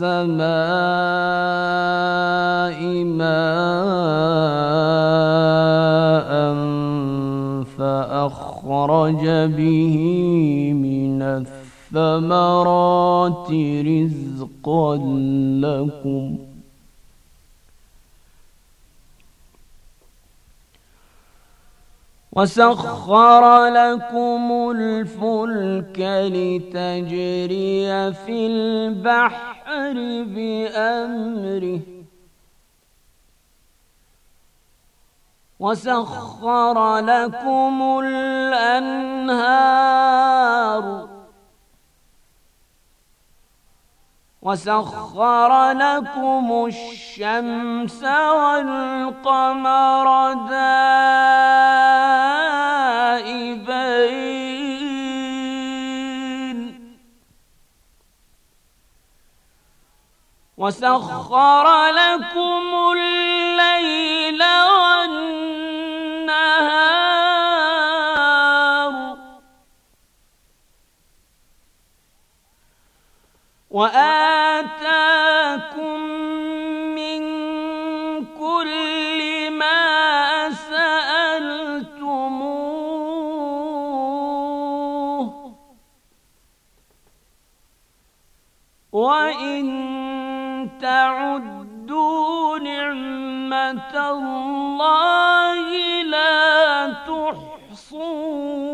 السماء ماء فأخرج به من الثمرات رزقا لكم وسخر لكم الفلك لتجري في البحر البحر بأمره وسخر لكم الأنهار وسخر لكم الشمس والقمر دار وسخر لكم الليل والنهار وآتاكم من كل ما سألتموه وإن تعدوا نعمة الله لا تحصون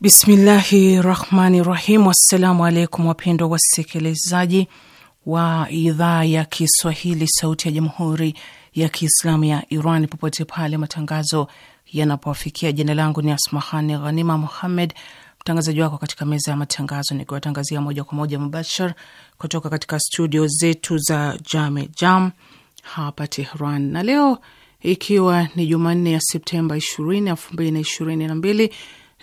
Bismillahi rahmani rahim. Assalamu alaikum wapendwa wasikilizaji wa idhaa ya Kiswahili sauti ya jamhuri ya Kiislamu ya Iran popote pale matangazo yanapofikia. Jina langu ni Asmahani Ghanima Muhammed, mtangazaji wako katika meza ya matangazo, nikiwatangazia moja kwa moja mubashar kutoka katika studio zetu za Jame Jam hapa Tehran, na leo ikiwa ni Jumanne ya Septemba ishirini elfu na ishirini na mbili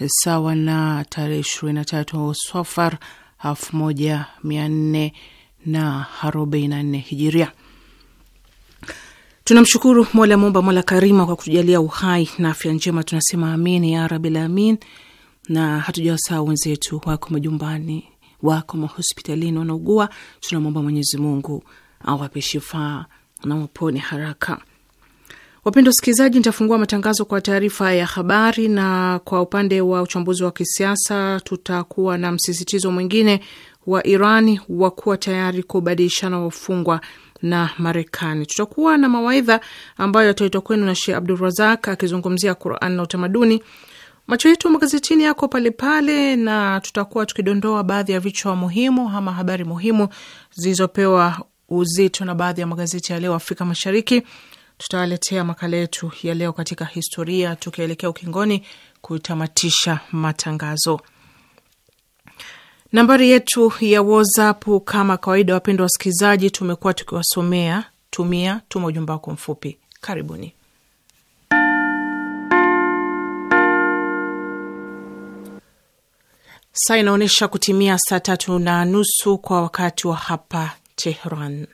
sawa na tarehe ishirini na tatu Safar elfu moja mia nne na arobaini na nne hijiria. Tunamshukuru Mola Mumba, Mola Karima, kwa kutujalia uhai na afya njema. Tunasema amin ya rabil amin, na hatujawasahau wenzetu, wako majumbani, wako mahospitalini, wanaugua. Tunamwomba Mwenyezi Mungu awape shifaa na wapone haraka. Wapendwa wasikilizaji, nitafungua matangazo kwa taarifa ya habari, na kwa upande wa uchambuzi wa kisiasa tutakuwa na msisitizo mwingine wa Iran wa kuwa tayari kubadilishana wafungwa na Marekani. Tutakuwa na mawaidha ambayo yataletwa kwenu na Sheh Abdurazak akizungumzia Quran na utamaduni. Macho yetu magazetini yako palepale, na tutakuwa tukidondoa baadhi ya vichwa muhimu ama habari muhimu zilizopewa uzito na baadhi ya magazeti ya leo Afrika Mashariki tutawaletea makala yetu ya leo katika historia, tukielekea ukingoni kutamatisha matangazo. Nambari yetu ya WhatsApp kama kawaida, wapendwa wasikilizaji, tumekuwa tukiwasomea. Tumia tuma ujumbe wako mfupi. Karibuni. Saa inaonyesha kutimia saa tatu na nusu kwa wakati wa hapa Tehran.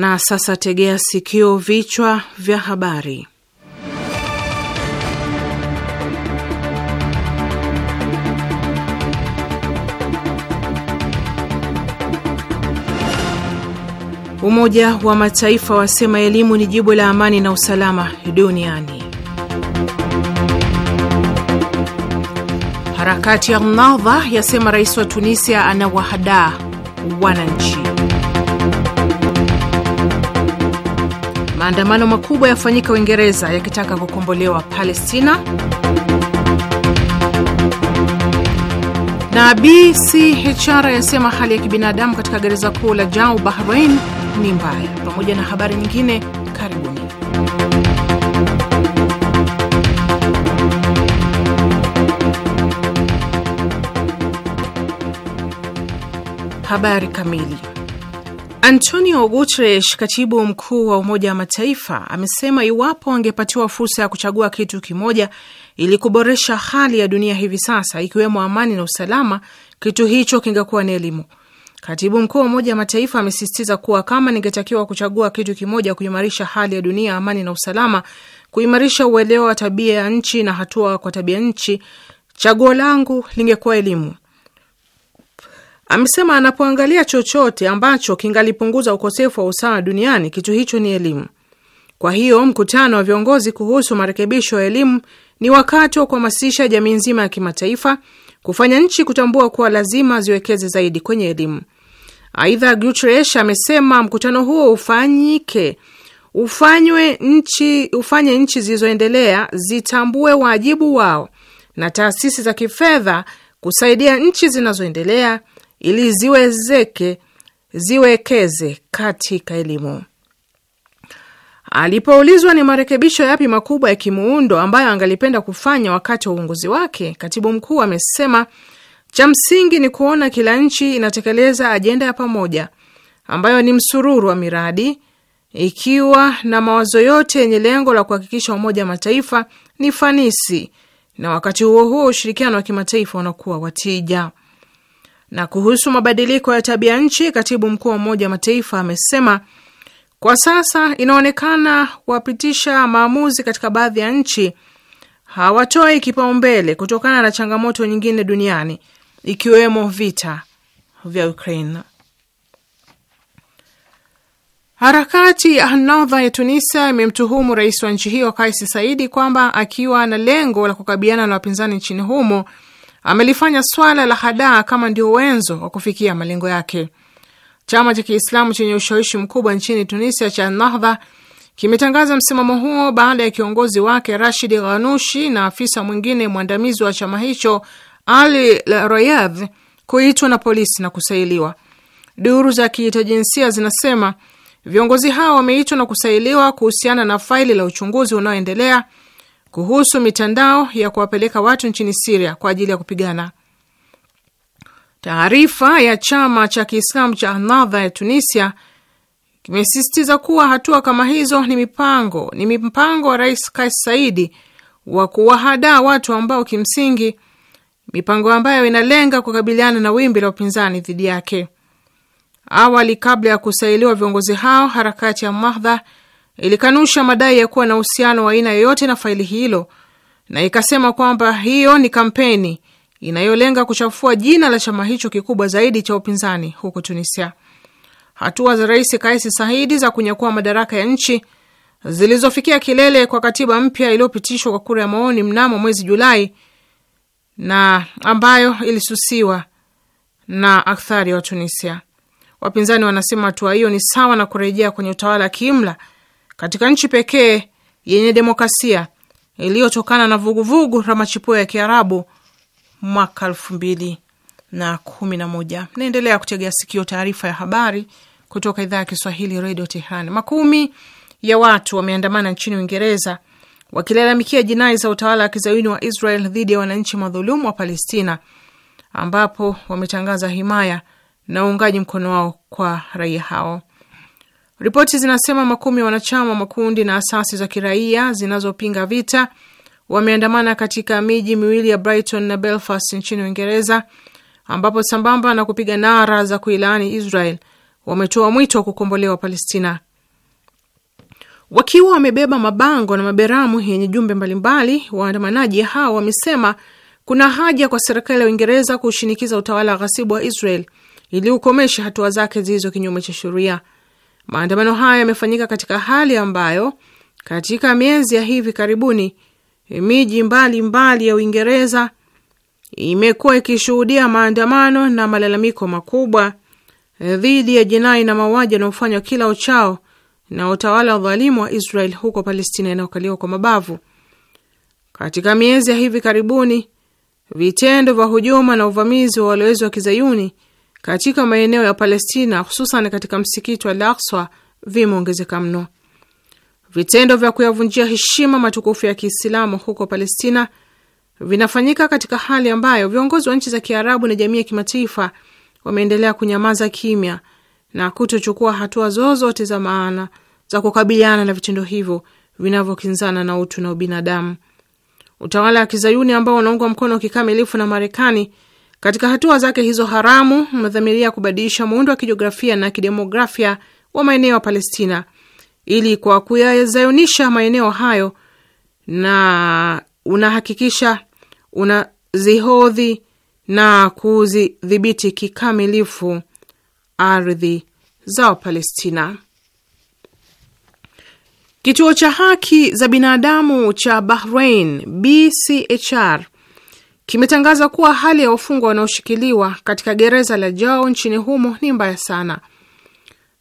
Na sasa tegea sikio, vichwa vya habari. Umoja wa Mataifa wasema elimu ni jibu la amani na usalama duniani. Harakati ya mnadha yasema rais wa Tunisia anawahadaa wananchi. Maandamano makubwa yafanyika Uingereza yakitaka kukombolewa Palestina. Na BCHR yasema hali ya kibinadamu katika gereza kuu la Jau, Bahrain ni mbaya, pamoja na habari nyingine. Karibuni. Habari kamili. Antonio Guterres, katibu mkuu wa Umoja wa Mataifa, amesema iwapo angepatiwa fursa ya kuchagua kitu kimoja ili kuboresha hali ya dunia hivi sasa, ikiwemo amani na usalama, kitu hicho kingekuwa ni elimu. Katibu mkuu wa Umoja wa Mataifa amesisitiza kuwa kama ningetakiwa kuchagua kitu kimoja, kuimarisha hali ya dunia, amani na usalama, kuimarisha uelewa wa tabia ya nchi na hatua kwa tabia nchi, chaguo langu lingekuwa elimu. Amesema anapoangalia chochote ambacho kingalipunguza ukosefu wa usawa duniani, kitu hicho ni elimu. Kwa hiyo mkutano wa viongozi kuhusu marekebisho ya elimu ni wakati wa kuhamasisha jamii nzima ya kimataifa kufanya nchi kutambua kuwa lazima ziwekeze zaidi kwenye elimu. Aidha, Guterres amesema mkutano huo ufanyike ufanywe nchi ufanye nchi zilizoendelea zitambue wajibu wao na taasisi za kifedha kusaidia nchi zinazoendelea ili ziwezeke ziwekeze katika elimu. Alipoulizwa ni marekebisho yapi makubwa ya kimuundo ambayo angalipenda kufanya wakati wa uongozi wake, katibu mkuu amesema cha msingi ni kuona kila nchi inatekeleza ajenda ya pamoja ambayo ni msururu wa miradi, ikiwa na mawazo yote yenye lengo la kuhakikisha Umoja wa Mataifa ni fanisi na wakati huo huo ushirikiano wa kimataifa unakuwa watija. Na kuhusu mabadiliko ya tabia nchi, katibu mkuu wa Umoja wa Mataifa amesema kwa sasa inaonekana wapitisha maamuzi katika baadhi ya nchi hawatoi kipaumbele kutokana na changamoto nyingine duniani ikiwemo vita vya Ukraine. Harakati ya ya Tunisia imemtuhumu rais wa nchi hiyo Kais Saidi kwamba akiwa na lengo la kukabiliana na wapinzani nchini humo amelifanya swala la hadaa kama ndio wenzo wa kufikia malengo yake. Chama cha Kiislamu chenye ushawishi mkubwa nchini Tunisia cha Nahdha kimetangaza msimamo huo baada ya kiongozi wake Rashid Ghanushi na afisa mwingine mwandamizi wa chama hicho Ali Rayadh kuitwa na polisi na kusailiwa. Duru za jinsia zinasema viongozi hao wameitwa na kusailiwa kuhusiana na faili la uchunguzi unaoendelea kuhusu mitandao ya kuwapeleka watu nchini Siria kwa ajili ya kupigana. Taarifa ya chama cha Kiislamu cha Anadha ya Tunisia kimesisitiza kuwa hatua kama hizo ni mipango ni mpango wa Rais Kais Saidi wa kuwahadaa watu ambao kimsingi mipango ambayo inalenga kukabiliana na wimbi la upinzani dhidi yake. Awali, kabla ya kusailiwa viongozi hao, harakati ya Mahdha ilikanusha madai ya kuwa na uhusiano wa aina yoyote na faili hilo na ikasema kwamba hiyo ni kampeni inayolenga kuchafua jina la chama hicho kikubwa zaidi cha upinzani huko Tunisia. Hatua za Rais Kais Saied za kunyakua madaraka ya nchi zilizofikia kilele kwa katiba mpya iliyopitishwa kwa kura ya maoni mnamo mwezi Julai na ambayo ilisusiwa na akthari wa Tunisia. Wapinzani wanasema hatua hiyo ni sawa na kurejea kwenye utawala wa kiimla katika nchi pekee yenye demokrasia iliyotokana na vuguvugu la machipuo ya Kiarabu mwaka elfu mbili na kumi na moja. Naendelea kutegea sikio taarifa ya habari kutoka idhaa ya Kiswahili Redio Tehran. Makumi ya watu wameandamana nchini Uingereza wakilalamikia jinai za utawala wa kizayuni wa Israel dhidi ya wananchi madhulumu wa Palestina, ambapo wametangaza himaya na uungaji mkono wao kwa raia hao. Ripoti zinasema makumi ya wanachama wa makundi na asasi za kiraia zinazopinga vita wameandamana katika miji miwili ya Brighton na Belfast nchini Uingereza, ambapo sambamba na kupiga nara za kuilaani Israel wametoa mwito wa kukombolewa Palestina wakiwa wamebeba mabango na maberamu yenye jumbe mbalimbali. Waandamanaji hao wamesema kuna haja kwa serikali ya Uingereza kushinikiza utawala wa ghasibu wa Israel ili ukomeshe hatua zake zilizo kinyume cha sheria. Maandamano hayo yamefanyika katika hali ambayo katika miezi ya hivi karibuni miji mbalimbali ya Uingereza imekuwa ikishuhudia maandamano na malalamiko makubwa dhidi ya jinai na mauaji yanayofanywa kila uchao na utawala wa dhalimu wa Israel huko Palestina inayokaliwa kwa mabavu. Katika miezi ya hivi karibuni vitendo vya hujuma na uvamizi wa walowezi wa kizayuni katika maeneo ya Palestina, hususan katika msikiti wa Al-Aqsa vimeongezeka mno. Vitendo vya kuyavunjia heshima matukufu ya Kiislamu huko Palestina vinafanyika katika hali ambayo viongozi wa nchi za Kiarabu na jamii ya kimataifa wameendelea kunyamaza kimya na kutochukua hatua zozote za maana za kukabiliana na vitendo hivyo vinavyokinzana na utu na ubinadamu. Utawala wa Kizayuni ambao unaungwa mkono kikamilifu na Marekani katika hatua zake hizo haramu, mnadhamiria kubadilisha muundo wa kijiografia na kidemografia wa maeneo ya Palestina ili kwa kuyazayonisha maeneo hayo na unahakikisha unazihodhi na kuzidhibiti kikamilifu ardhi za Wapalestina. Kituo cha haki za binadamu cha Bahrain BCHR kimetangaza kuwa hali ya wafungwa wanaoshikiliwa katika gereza la Jao nchini humo ni mbaya sana.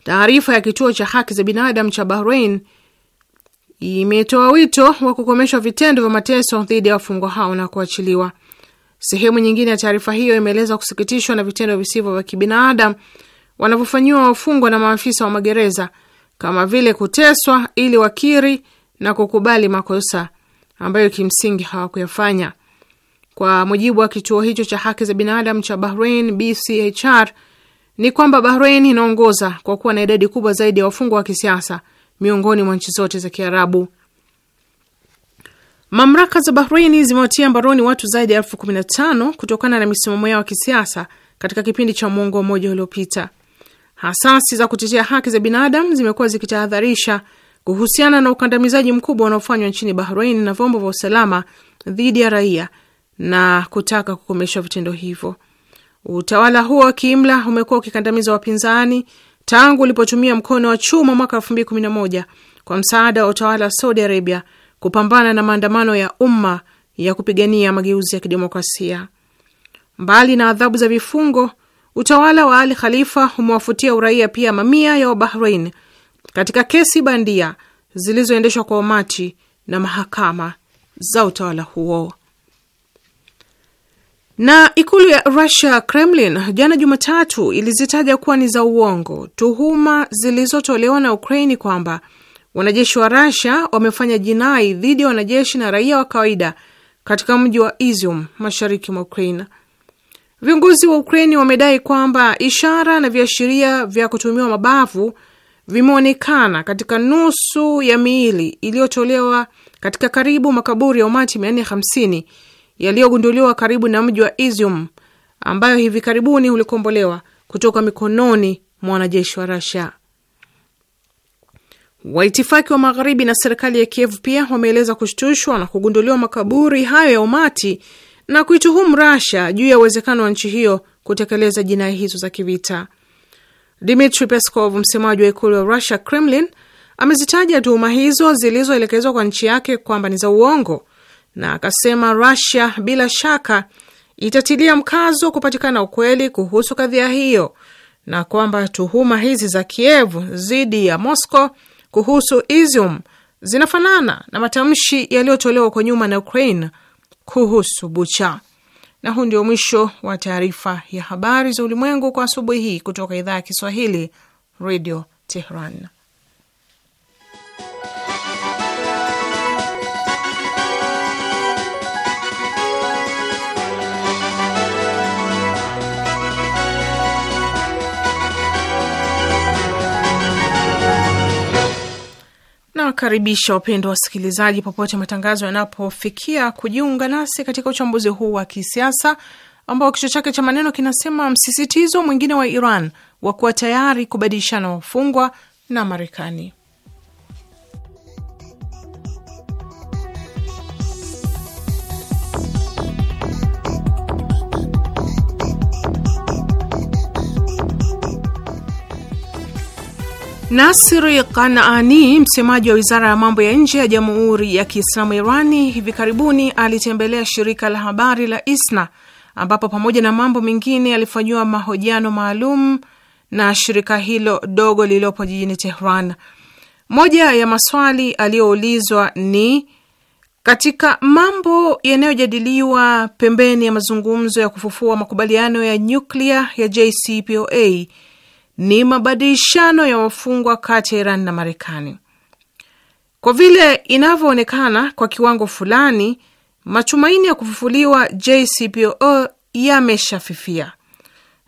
Taarifa ya kituo cha haki za binadamu cha Bahrain imetoa wito wa kukomeshwa vitendo vya mateso dhidi ya wafungwa hao na kuachiliwa. Sehemu nyingine ya taarifa hiyo imeeleza kusikitishwa na vitendo visivyo vya kibinadamu wanavyofanyiwa wafungwa na maafisa wa magereza kama vile kuteswa ili wakiri na kukubali makosa ambayo kimsingi hawakuyafanya. Kwa mujibu wa kituo hicho cha haki za binadamu cha Bahrain, BCHR, ni kwamba Bahrain inaongoza kwa kuwa na idadi kubwa zaidi ya wafungwa wa kisiasa miongoni mwa nchi zote za Kiarabu. Mamlaka za Bahrain zimewatia mbaroni watu zaidi ya elfu kumi na tano kutokana na misimamo yao ya kisiasa katika kipindi cha mwongo mmoja uliopita. Hasasi za kutetea haki za binadamu zimekuwa zikitahadharisha kuhusiana na ukandamizaji mkubwa unaofanywa nchini Bahrain na vyombo vya usalama dhidi ya raia na kutaka kukomeshwa vitendo hivyo. Utawala huo wa kiimla umekuwa ukikandamiza wapinzani tangu ulipotumia mkono wa chuma mwaka elfu mbili kumi na moja kwa msaada wa utawala wa Saudi Arabia kupambana na maandamano ya umma ya kupigania mageuzi ya kidemokrasia. Mbali na adhabu za vifungo, utawala wa Ali Khalifa umewafutia uraia pia mamia ya Wabahrain katika kesi bandia zilizoendeshwa kwa umati na mahakama za utawala huo. Na ikulu ya Russia, Kremlin, jana Jumatatu, ilizitaja kuwa ni za uongo tuhuma zilizotolewa na Ukraini kwamba wanajeshi wa Russia wamefanya jinai dhidi ya wanajeshi na raia wa kawaida katika mji wa Izium mashariki mwa Ukraine. Viongozi wa Ukraini wamedai kwamba ishara na viashiria vya kutumiwa mabavu vimeonekana katika nusu ya miili iliyotolewa katika karibu makaburi ya umati 450 yaliyogunduliwa karibu na mji wa Izium ambayo hivi karibuni ulikombolewa kutoka mikononi mwa wanajeshi wa Russia. Waitifaki wa magharibi na serikali ya Kiev pia wameeleza kushtushwa na kugunduliwa makaburi hayo ya umati na kuituhumu Russia juu ya uwezekano wa nchi hiyo kutekeleza jinai hizo za kivita. Dmitri Peskov, msemaji wa ikulu ya Russia, Kremlin, amezitaja tuhuma hizo zilizoelekezwa kwa nchi yake kwamba ni za uongo na akasema rasia bila shaka itatilia mkazo kupatikana ukweli kuhusu kadhia hiyo na kwamba tuhuma hizi za Kiev dhidi ya Moscow kuhusu Izium zinafanana na matamshi yaliyotolewa huko nyuma na Ukraine kuhusu Bucha. Na huu ndio mwisho wa taarifa ya habari za ulimwengu kwa asubuhi hii kutoka idhaa ya Kiswahili, Radio Tehran. Nawakaribisha wapendwa wasikilizaji, popote matangazo yanapofikia, kujiunga nasi katika uchambuzi huu wa kisiasa ambao kichwa chake cha maneno kinasema msisitizo mwingine wa Iran wa kuwa tayari kubadilishana wafungwa na Marekani. Nasiri Kanaani, msemaji wa wizara ya mambo ya nje ya Jamhuri ya Kiislamu Irani, hivi karibuni alitembelea shirika la habari la ISNA ambapo pamoja na mambo mengine alifanyiwa mahojiano maalum na shirika hilo dogo lililopo jijini Tehran. Moja ya maswali aliyoulizwa ni katika mambo yanayojadiliwa pembeni ya mazungumzo ya kufufua makubaliano ya nyuklia ya JCPOA ni mabadilishano ya wafungwa kati ya Iran na Marekani. Kwa vile inavyoonekana, kwa kiwango fulani, matumaini ya kufufuliwa JCPOA yameshafifia.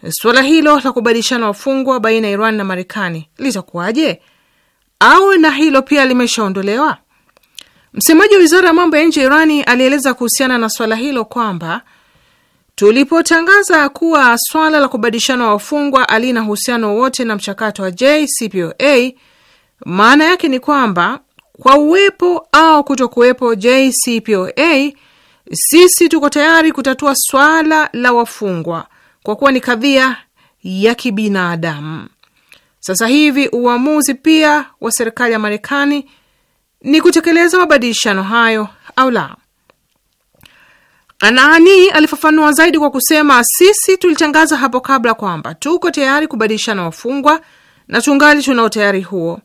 Suala hilo la kubadilishana wafungwa baina ya Iran na Marekani litakuwaje? Au na hilo pia limeshaondolewa? Msemaji wa wizara ya mambo ya nje ya Irani alieleza kuhusiana na swala hilo kwamba Tulipotangaza kuwa swala la kubadilishana wafungwa alina uhusiano wote na mchakato wa JCPOA, maana yake ni kwamba kwa uwepo au kutokuwepo JCPOA, sisi tuko tayari kutatua swala la wafungwa kwa kuwa ni kadhia ya kibinadamu. Sasa hivi uamuzi pia wa serikali ya Marekani ni kutekeleza mabadilishano hayo au la. Anani alifafanua zaidi kwa kusema, sisi tulitangaza hapo kabla kwamba tuko tayari kubadilishana wafungwa na tungali tuna utayari huo.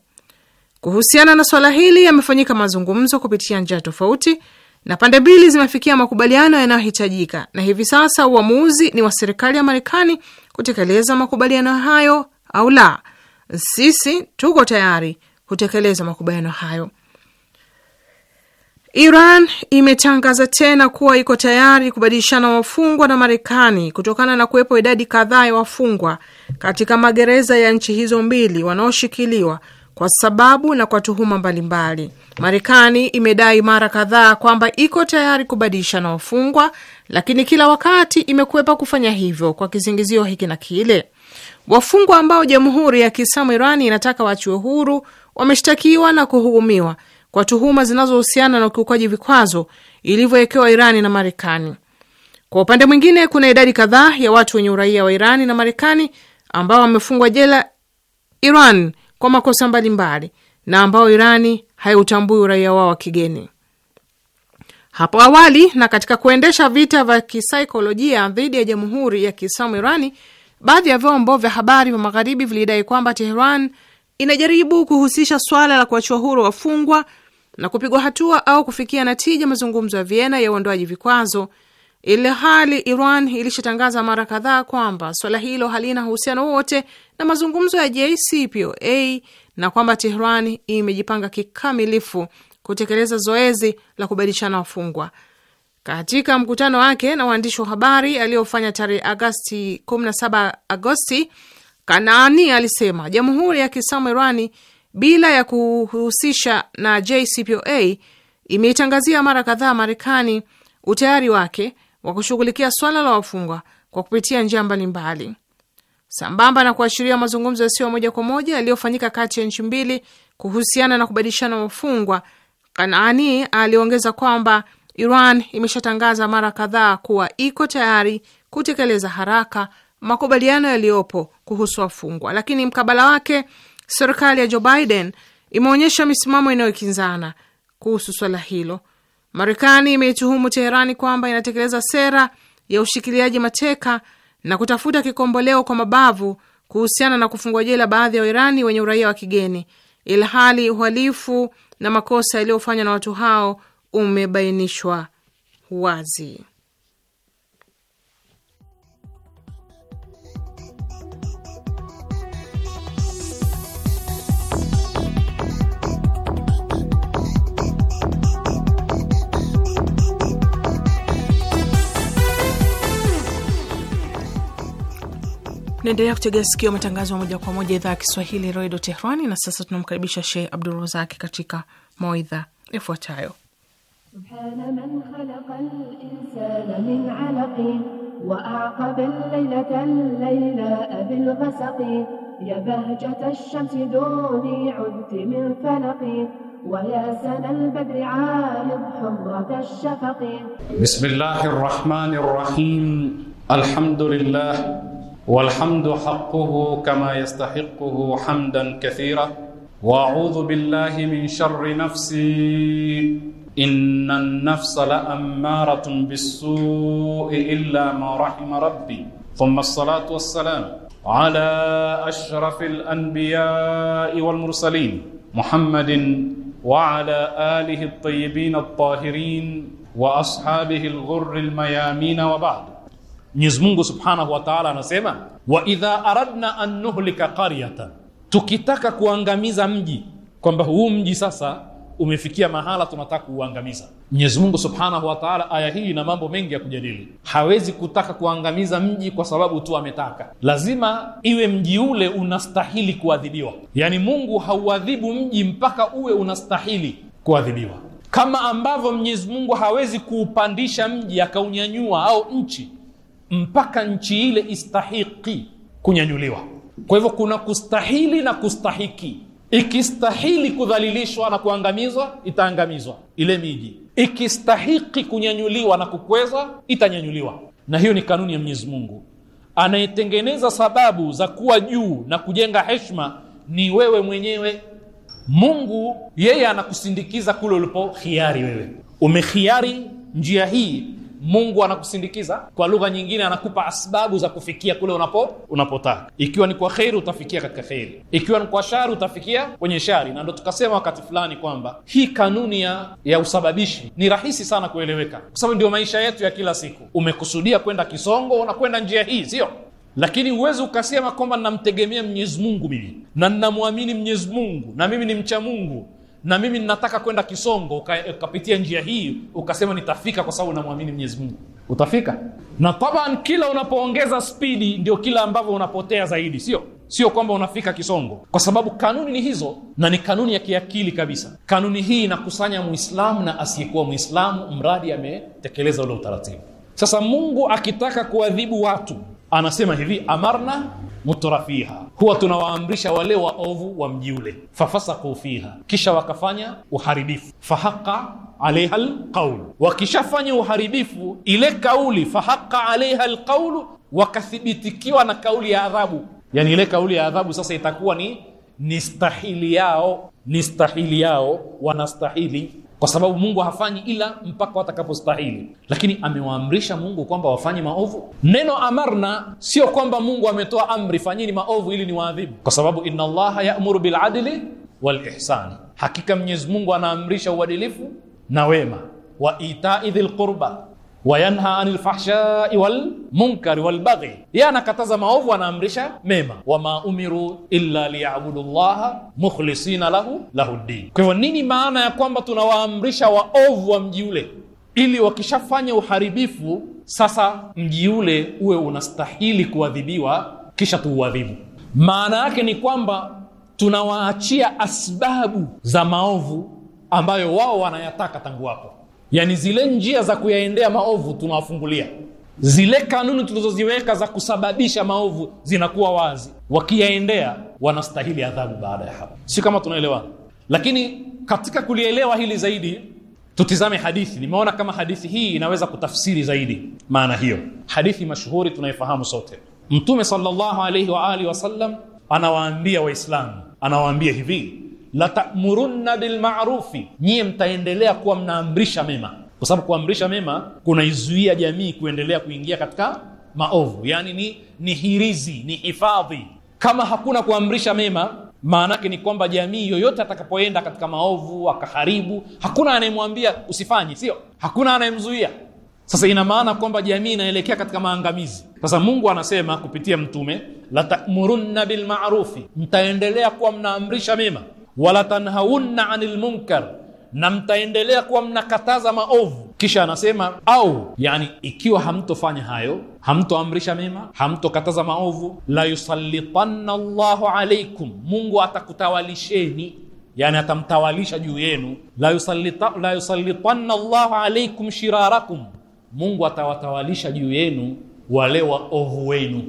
Kuhusiana na swala hili, yamefanyika mazungumzo kupitia njia tofauti na pande mbili zimefikia makubaliano yanayohitajika, na hivi sasa uamuzi ni wa serikali ya Marekani kutekeleza makubaliano hayo au la. Sisi tuko tayari kutekeleza makubaliano hayo. Iran imetangaza tena kuwa iko tayari kubadilishana wafungwa na Marekani kutokana na kuwepo idadi kadhaa ya wafungwa katika magereza ya nchi hizo mbili wanaoshikiliwa kwa sababu na kwa tuhuma mbalimbali. Marekani imedai mara kadhaa kwamba iko tayari kubadilishana wafungwa, lakini kila wakati imekwepa kufanya hivyo kwa kizingizio hiki na kile. Wafungwa ambao Jamhuri ya Kiislamu Irani inataka waachiwe huru wameshtakiwa na kuhukumiwa kwa tuhuma zinazohusiana na ukiukaji vikwazo ilivyowekewa Irani na Marekani. Kwa upande mwingine, kuna idadi kadhaa ya watu wenye uraia wa Irani na Marekani ambao wamefungwa jela Iran kwa makosa mbalimbali na ambao Irani haiutambui uraia wao wa kigeni. Hapo awali na katika kuendesha vita vya kisaikolojia dhidi ya jamhuri ya Kiislamu Irani, baadhi ya vyombo vya habari vya Magharibi vilidai kwamba Teheran inajaribu kuhusisha swala la kuachiwa huru wafungwa na kupigwa hatua au kufikia natija mazungumzo ya Vienna ya uondoaji vikwazo, ili hali Iran ilishatangaza mara kadhaa kwamba swala hilo halina uhusiano wote na mazungumzo ya JCPOA na kwamba Tehran imejipanga kikamilifu kutekeleza zoezi la kubadilishana wafungwa. Katika mkutano wake na waandishi wa habari aliyofanya tarehe Agosti 17 Agosti, Kanaani alisema jamhuri ya Kiislamu Irani bila ya kuhusisha na JCPOA imeitangazia mara kadhaa Marekani utayari wake wa kushughulikia swala la wafungwa kwa kupitia njia mbalimbali, sambamba na kuashiria mazungumzo yasiyo moja kwa moja yaliyofanyika kati ya nchi mbili kuhusiana na kubadilishana wafungwa. Kanaani aliongeza kwamba Iran imeshatangaza mara kadhaa kuwa iko tayari kutekeleza haraka makubaliano yaliyopo kuhusu wafungwa, lakini mkabala wake Serikali ya Joe Biden imeonyesha misimamo inayokinzana kuhusu swala hilo. Marekani imeituhumu Teherani kwamba inatekeleza sera ya ushikiliaji mateka na kutafuta kikomboleo kwa mabavu kuhusiana na kufungwa jela baadhi ya Wairani wenye uraia wa kigeni, ilhali uhalifu na makosa yaliyofanywa na watu hao umebainishwa wazi. Naendelea kutegea sikio matangazo ya moja kwa moja idhaa ya Kiswahili redio Tehrani. Na sasa tunamkaribisha Sheikh Abdurrazak katika mawaidha yafuatayo. وأعقب الليلة الليلة بالغسق بسم الله الرحمن الرحيم الحمد لله والحمد حقه كما يستحقه حمدا كثيرا واعوذ بالله من شر نفسي ان النفس لاماره بالسوء الا ما رحم ربي ثم الصلاه والسلام على اشرف الانبياء والمرسلين محمد وعلى اله الطيبين الطاهرين واصحابه الغر الميامين وبعد Mwenyezi Mungu Subhanahu wa Ta'ala anasema, wa idha aradna an nuhlika qaryatan, tukitaka kuangamiza mji, kwamba huu mji sasa umefikia mahala tunataka kuuangamiza. Mwenyezi Mungu Subhanahu wa Ta'ala, aya hii ina mambo mengi ya kujadili. Hawezi kutaka kuangamiza mji kwa sababu tu ametaka, lazima iwe mji ule unastahili kuadhibiwa. Yaani Mungu hauadhibu mji mpaka uwe unastahili kuadhibiwa, kama ambavyo Mwenyezi Mungu hawezi kuupandisha mji akaunyanyua au nchi mpaka nchi ile istahiki kunyanyuliwa kwa hivyo kuna kustahili na kustahiki ikistahili kudhalilishwa na kuangamizwa itaangamizwa ile miji ikistahiki kunyanyuliwa na kukweza itanyanyuliwa na hiyo ni kanuni ya mwenyezi mungu anayetengeneza sababu za kuwa juu na kujenga heshma ni wewe mwenyewe mungu yeye anakusindikiza kule ulipo hiari wewe umekhiari njia hii Mungu anakusindikiza kwa lugha nyingine, anakupa asbabu za kufikia kule unapo unapotaka. Ikiwa ni kwa kheri, utafikia katika kheri, ikiwa ni kwa shari, utafikia kwenye shari. Na ndo tukasema wakati fulani kwamba hii kanuni ya, ya usababishi ni rahisi sana kueleweka, kwa sababu ndio maisha yetu ya kila siku. Umekusudia kwenda Kisongo, unakwenda njia hii, sio lakini huwezi ukasema kwamba namtegemea Mwenyezi Mungu mimi na nnamwamini Mwenyezi Mungu na mimi ni mcha Mungu na mimi ninataka kwenda Kisongo, ukapitia njia hii, ukasema nitafika kwa sababu namwamini Mwenyezi Mungu, utafika. Na taban, kila unapoongeza spidi ndio kila ambavyo unapotea zaidi, sio sio kwamba unafika Kisongo, kwa sababu kanuni ni hizo, na ni kanuni ya kiakili kabisa. Kanuni hii inakusanya Muislamu na asiyekuwa Muislamu, mradi ametekeleza ule utaratibu. Sasa Mungu akitaka kuadhibu watu anasema hivi amarna mutrafiha, huwa tunawaamrisha wale waovu wa mji ule, fafasaku fiha, kisha wakafanya uharibifu, fahaqa alaiha lqaulu, wakishafanya uharibifu ile kauli, fahaqa alaiha lqaulu, wakathibitikiwa na kauli ya adhabu. Yani ile kauli ya adhabu sasa itakuwa ni nistahili yao, nistahili yao, wanastahili kwa sababu Mungu hafanyi ila mpaka watakapostahili, lakini amewaamrisha Mungu kwamba wafanye maovu. Neno amarna sio kwamba Mungu ametoa amri fanyeni maovu ili niwaadhibu, kwa sababu inna Allaha ya'muru bil adli wal hakika Mwenyezi Mungu anaamrisha uadilifu na wema, wa itai dhil qurba wayanha anil fahshai wal munkari wal baghi, anakataza maovu, anaamrisha mema. Wama umiru illa liyabudu llaha mukhlisina lahu lahu ddin. Kwa hivyo nini maana ya kwamba tunawaamrisha waovu wa mji ule, ili wakishafanya uharibifu sasa mji ule uwe unastahili kuadhibiwa, kisha tuuadhibu. Maana yake ni kwamba tunawaachia asbabu za maovu ambayo wao wanayataka tangu hapo yani zile njia za kuyaendea maovu tunawafungulia zile kanuni tulizoziweka za kusababisha maovu zinakuwa wazi wakiyaendea wanastahili adhabu baada ya hapo si kama tunaelewa, lakini katika kulielewa hili zaidi tutizame hadithi nimeona kama hadithi hii inaweza kutafsiri zaidi maana hiyo hadithi mashuhuri tunaifahamu sote mtume salllahu alaihi alihi wasallam anawaambia waislamu anawaambia hivi latamurunna bilmarufi, nyiye mtaendelea kuwa mnaamrisha mema, kwa sababu kuamrisha mema kunaizuia jamii kuendelea kuingia katika maovu. yani ni, ni hirizi, ni hifadhi. Kama hakuna kuamrisha mema, maana yake ni kwamba jamii yoyote atakapoenda katika maovu akaharibu, hakuna anayemwambia usifanye, sio? Hakuna anayemzuia. Sasa ina maana kwamba jamii inaelekea katika maangamizi. Sasa Mungu anasema kupitia mtume, latamurunna bilmarufi, mtaendelea kuwa mnaamrisha mema wala tanhauna anil munkar, na mtaendelea kuwa mnakataza maovu. Kisha anasema au, yani ikiwa hamtofanya hayo, hamtoamrisha mema, hamtokataza maovu, la yusallitanna Allahu alaikum, Mungu atakutawalisheni Yani atamtawalisha juu yenu. la yusallita la yusallitanna Allahu alaikum shirarakum, Mungu atawatawalisha juu yenu wale waovu wenu.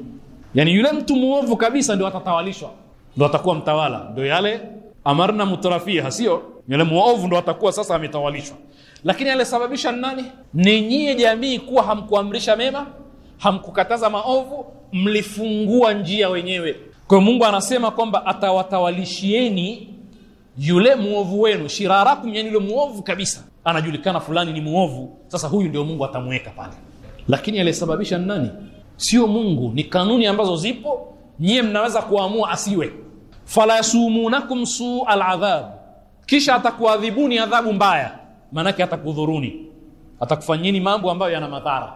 Yani yule mtu muovu kabisa ndio atatawalishwa, ndio atakuwa mtawala, ndio yale amarna mutrafiha, sio yule muovu ndo atakuwa sasa ametawalishwa, lakini alisababisha nani? Ni nyie jamii, kuwa hamkuamrisha mema, hamkukataza maovu, mlifungua njia wenyewe. Kwa Mungu anasema kwamba atawatawalishieni yule muovu wenu, shirarakum, yani yule muovu kabisa, anajulikana fulani ni muovu. Sasa huyu ndio Mungu atamweka pale, lakini alisababisha nani? Sio Mungu, ni kanuni ambazo zipo, nyie mnaweza kuamua asiwe fala yasumunakum su aladhab, kisha atakuadhibuni adhabu mbaya, maanake atakudhuruni, atakufanyeni mambo ambayo yana madhara.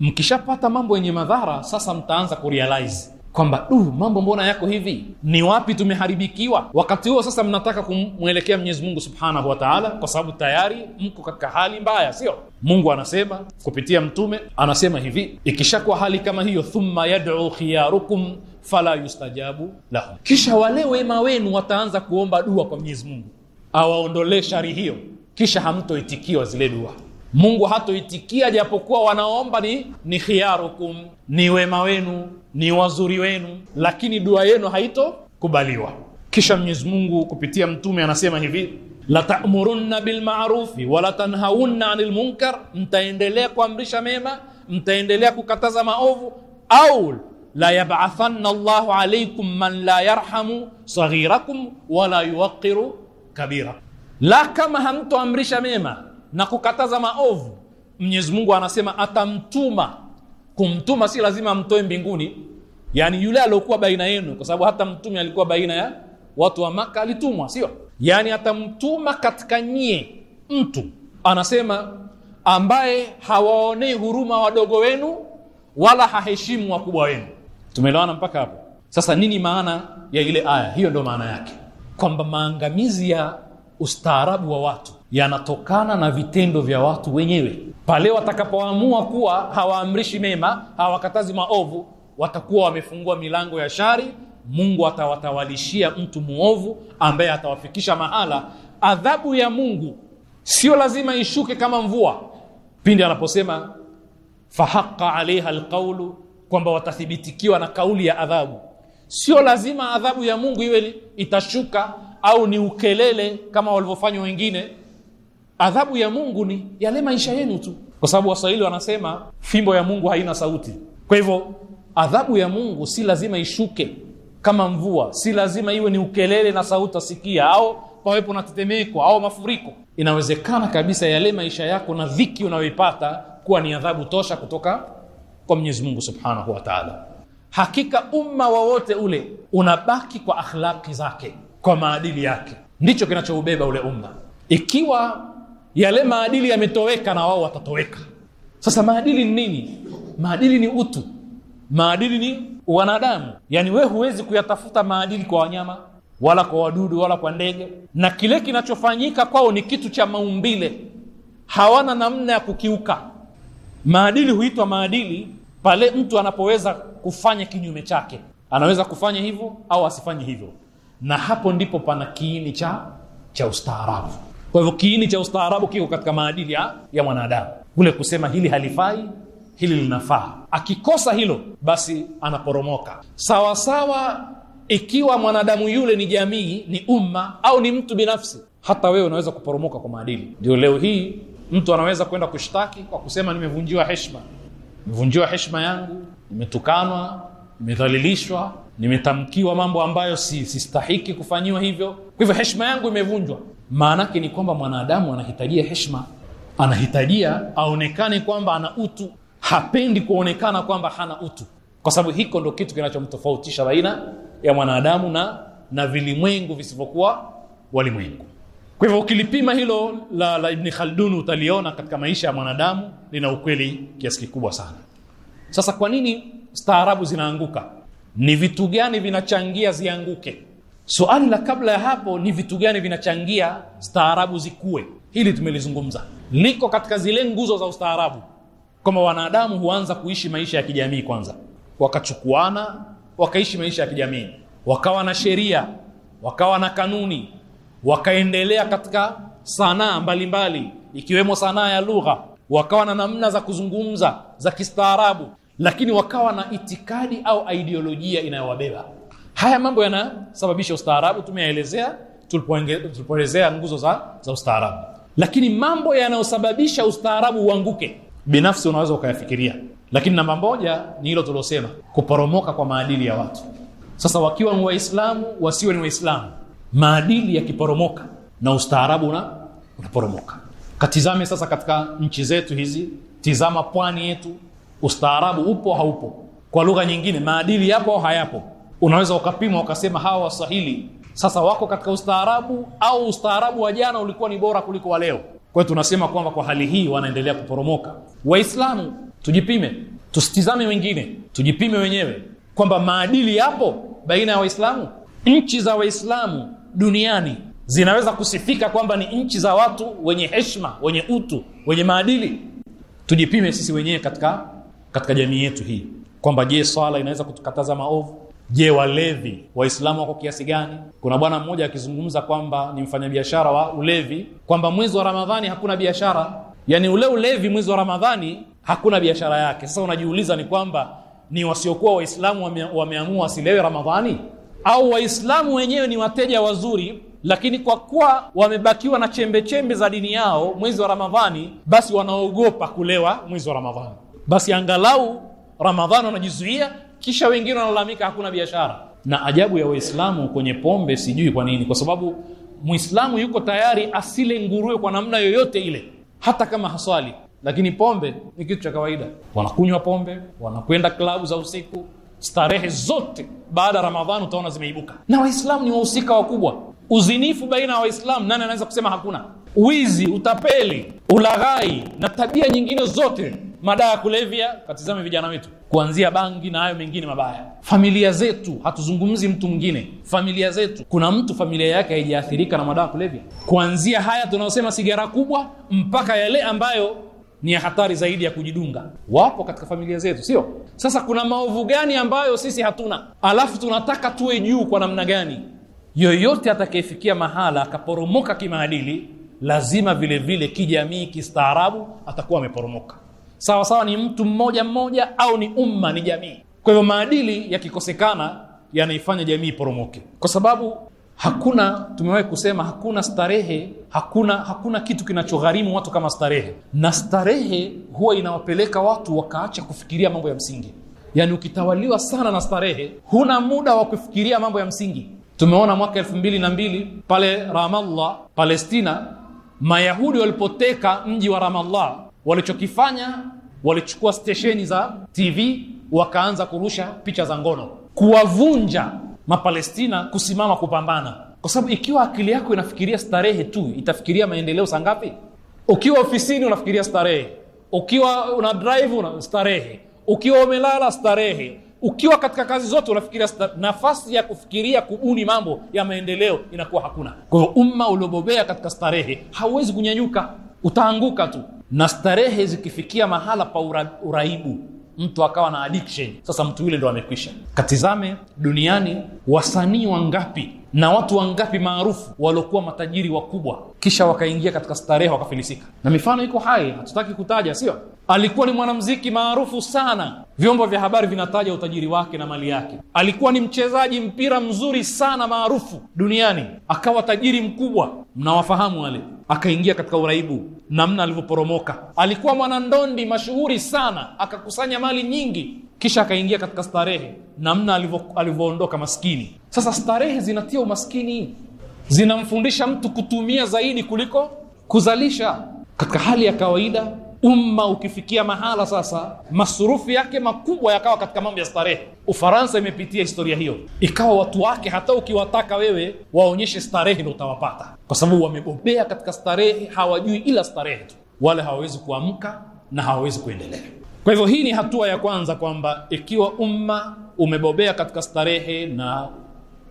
Mkishapata mambo yenye madhara, sasa mtaanza kurealize kwamba du, uh, mambo mbona yako hivi? Ni wapi tumeharibikiwa? Wakati huo sasa mnataka kumwelekea Mwenyezi Mungu subhanahu wa taala, kwa sababu tayari mko katika hali mbaya, sio? Mungu anasema kupitia mtume anasema hivi, ikishakwa hali kama hiyo, thumma yaduu khiyarukum fala yustajabu lahum, kisha wale wema wenu wataanza kuomba dua kwa Mwenyezi Mungu awaondolee shari hiyo, kisha hamtoitikiwa zile dua Mungu hatoitikia, japokuwa wanaomba ni, ni khiyarukum, ni wema wenu ni wazuri wenu, lakini dua yenu haitokubaliwa. Kisha Mwenyezi Mungu kupitia mtume anasema hivi latamurunna bilmarufi walatanhauna tanhaunna anil munkar, mtaendelea kuamrisha mema, mtaendelea kukataza maovu. Au la yabathanna Allahu alaikum man la yarhamu saghirakum wala yuwaqiru kabira, la kama hamtoamrisha mema na kukataza maovu, Mwenyezi Mungu anasema atamtuma kumtuma si lazima amtoe mbinguni, yani yule aliokuwa baina yenu, kwa sababu hata mtume alikuwa baina ya watu wa Maka, alitumwa sio? Yani atamtuma katika nyie mtu, anasema ambaye hawaonei huruma wadogo wenu wala haheshimu wakubwa wenu. Tumeelewana mpaka hapo? Sasa nini maana ya ile aya hiyo? Ndo maana yake kwamba maangamizi ya ustaarabu wa watu yanatokana na vitendo vya watu wenyewe. Pale watakapoamua kuwa hawaamrishi mema, hawakatazi maovu, watakuwa wamefungua milango ya shari. Mungu atawatawalishia mtu mwovu ambaye atawafikisha mahala. Adhabu ya Mungu sio lazima ishuke kama mvua, pindi anaposema fahaqa alaiha alqaulu, kwamba watathibitikiwa na kauli ya adhabu. Sio lazima adhabu ya Mungu iwe itashuka au ni ukelele kama walivyofanywa wengine adhabu ya Mungu ni yale maisha yenu tu, kwa sababu Waswahili wanasema fimbo ya Mungu haina sauti. Kwa hivyo adhabu ya Mungu si lazima ishuke kama mvua, si lazima iwe ni ukelele na sauti asikia, au pawepo na tetemeko au mafuriko. Inawezekana kabisa yale maisha yako na dhiki unayoipata kuwa ni adhabu tosha kutoka kwa Mwenyezi Mungu Subhanahu wa Ta'ala. Hakika umma wowote ule unabaki kwa akhlaki zake, kwa maadili yake, ndicho kinachoubeba ule umma ikiwa yale maadili yametoweka na wao watatoweka sasa maadili ni nini maadili ni utu maadili ni wanadamu yaani we huwezi kuyatafuta maadili kwa wanyama wala kwa wadudu wala kwa ndege na kile kinachofanyika kwao ni kitu cha maumbile hawana namna ya kukiuka maadili huitwa maadili pale mtu anapoweza kufanya kinyume chake anaweza kufanya hivyo au asifanye hivyo na hapo ndipo pana kiini cha cha ustaarabu kwa hivyo kiini cha ustaarabu kiko katika maadili ya, mwanadamu, kule kusema hili halifai, hili linafaa. Akikosa hilo, basi anaporomoka sawasawa. Ikiwa mwanadamu yule ni jamii, ni umma au ni mtu binafsi, hata wewe unaweza kuporomoka kwa maadili. Ndio leo hii mtu anaweza kwenda kushtaki kwa kusema nimevunjiwa heshima, nimevunjiwa heshima yangu, nimetukanwa, nimedhalilishwa, nimetamkiwa mambo ambayo si sistahiki kufanyiwa hivyo, kwa hivyo heshima yangu imevunjwa maanake ni kwamba mwanadamu anahitajia heshima anahitajia aonekane kwamba ana utu hapendi kuonekana kwamba hana utu kwa sababu hiko ndo kitu kinachomtofautisha baina ya mwanadamu na na vilimwengu visivyokuwa walimwengu kwa hivyo ukilipima hilo la, la ibni khaldun utaliona katika maisha ya mwanadamu lina ukweli kiasi kikubwa sana sasa kwa nini staarabu zinaanguka ni vitu gani vinachangia zianguke suali la kabla ya hapo ni vitu gani vinachangia staarabu zikue? Hili tumelizungumza, liko katika zile nguzo za ustaarabu, kwamba wanadamu huanza kuishi maisha ya kijamii kwanza, wakachukuana, wakaishi maisha ya kijamii, wakawa na sheria, wakawa na kanuni, wakaendelea katika sanaa mbalimbali, ikiwemo sanaa ya lugha, wakawa na namna za kuzungumza za kistaarabu, lakini wakawa na itikadi au ideolojia inayowabeba haya mambo yanasababisha ustaarabu tumeyaelezea tulipoelezea nguzo za, za ustaarabu lakini mambo yanayosababisha ustaarabu uanguke binafsi unaweza ukayafikiria lakini namba moja ni hilo tuliosema kuporomoka kwa maadili ya watu sasa wakiwa ni waislamu wasiwe ni waislamu maadili yakiporomoka na ustaarabu unaporomoka una, katizame sasa katika nchi zetu hizi tizama pwani yetu ustaarabu upo haupo kwa lugha nyingine maadili yapo hayapo unaweza ukapima ukasema hawa waswahili sasa wako katika ustaarabu au ustaarabu wa jana ulikuwa ni bora kuliko wa leo kwa tunasema kwamba kwa hali hii wanaendelea kuporomoka waislamu tujipime tusitizame wengine tujipime wenyewe kwamba maadili yapo baina ya waislamu nchi za waislamu duniani zinaweza kusifika kwamba ni nchi za watu wenye heshma wenye utu wenye maadili tujipime sisi wenyewe katika katika jamii yetu hii kwamba je swala inaweza kutukataza maovu Je, walevi Waislamu wako kiasi gani? Kuna bwana mmoja akizungumza kwamba ni mfanyabiashara wa ulevi kwamba mwezi wa Ramadhani hakuna biashara, yaani ule ulevi mwezi wa Ramadhani hakuna biashara yake. Sasa unajiuliza ni kwamba ni wasiokuwa Waislamu wameamua wasilewe Ramadhani au Waislamu wenyewe ni wateja wazuri, lakini kwa kuwa wamebakiwa na chembe chembe za dini yao mwezi wa Ramadhani, basi wanaogopa kulewa mwezi wa Ramadhani. Basi angalau Ramadhani wanajizuia kisha wengine wanalalamika hakuna biashara. Na ajabu ya Waislamu kwenye pombe, sijui kwa nini, kwa sababu Muislamu yuko tayari asile nguruwe kwa namna yoyote ile, hata kama haswali, lakini pombe ni kitu cha kawaida. Wanakunywa pombe, wanakwenda klabu za usiku, starehe zote baada ya Ramadhani utaona zimeibuka. Na Waislamu ni wahusika wakubwa. Uzinifu baina ya Waislamu, nani anaweza kusema hakuna? Wizi, utapeli, ulaghai na tabia nyingine zote madawa ya kulevya, katizame vijana wetu, kuanzia bangi na hayo mengine mabaya. Familia zetu, hatuzungumzi mtu mwingine, familia zetu. Kuna mtu familia yake haijaathirika na madawa ya kulevya, kuanzia haya tunaosema sigara kubwa mpaka yale ambayo ni ya hatari zaidi ya kujidunga, wapo katika familia zetu, sio? Sasa kuna maovu gani ambayo sisi hatuna, alafu tunataka tuwe juu kwa namna gani? Yoyote atakayefikia mahala akaporomoka kimaadili, lazima vilevile kijamii, kistaarabu, atakuwa ameporomoka sawa sawa ni mtu mmoja mmoja au ni umma, ni jamii. Kwa hivyo maadili yakikosekana yanaifanya jamii iporomoke, kwa sababu hakuna, tumewahi kusema hakuna starehe, hakuna hakuna kitu kinachogharimu watu kama starehe, na starehe huwa inawapeleka watu wakaacha kufikiria mambo ya msingi. Yaani ukitawaliwa sana na starehe, huna muda wa kufikiria mambo ya msingi. Tumeona mwaka elfu mbili na mbili pale Ramallah Palestina, Mayahudi walipoteka mji wa Ramallah Walichokifanya, walichukua stesheni za TV wakaanza kurusha picha za ngono, kuwavunja Mapalestina kusimama kupambana, kwa sababu ikiwa akili yako inafikiria starehe tu itafikiria maendeleo saa ngapi? Ukiwa ofisini unafikiria starehe, ukiwa una drive una starehe, ukiwa umelala starehe, ukiwa katika kazi zote unafikiria starehe. Nafasi ya kufikiria kubuni mambo ya maendeleo inakuwa hakuna. Kwa hiyo umma uliobobea katika starehe hauwezi kunyanyuka utaanguka tu. Na starehe zikifikia mahala pa ura, uraibu mtu akawa na addiction, sasa mtu yule ndo amekwisha. Katizame duniani wasanii wangapi na watu wangapi maarufu waliokuwa matajiri wakubwa, kisha wakaingia katika starehe wakafilisika, na mifano iko hai, hatutaki kutaja, sio? Alikuwa ni mwanamuziki maarufu sana, vyombo vya habari vinataja utajiri wake na mali yake. Alikuwa ni mchezaji mpira mzuri sana maarufu duniani, akawa tajiri mkubwa, mnawafahamu wale. Akaingia katika uraibu, namna alivyoporomoka. Alikuwa mwanandondi mashuhuri sana, akakusanya mali nyingi, kisha akaingia katika starehe, namna alivyoondoka maskini. Sasa starehe zinatia umaskini, zinamfundisha mtu kutumia zaidi kuliko kuzalisha. Katika hali ya kawaida umma ukifikia mahala sasa masurufu yake makubwa yakawa katika mambo ya starehe. Ufaransa imepitia historia hiyo, ikawa watu wake hata ukiwataka wewe waonyeshe starehe ndo utawapata, kwa sababu wamebobea katika starehe, hawajui ila starehe tu, wale hawawezi kuamka na hawawezi kuendelea. Kwa hivyo hii ni hatua ya kwanza, kwamba ikiwa umma umebobea katika starehe na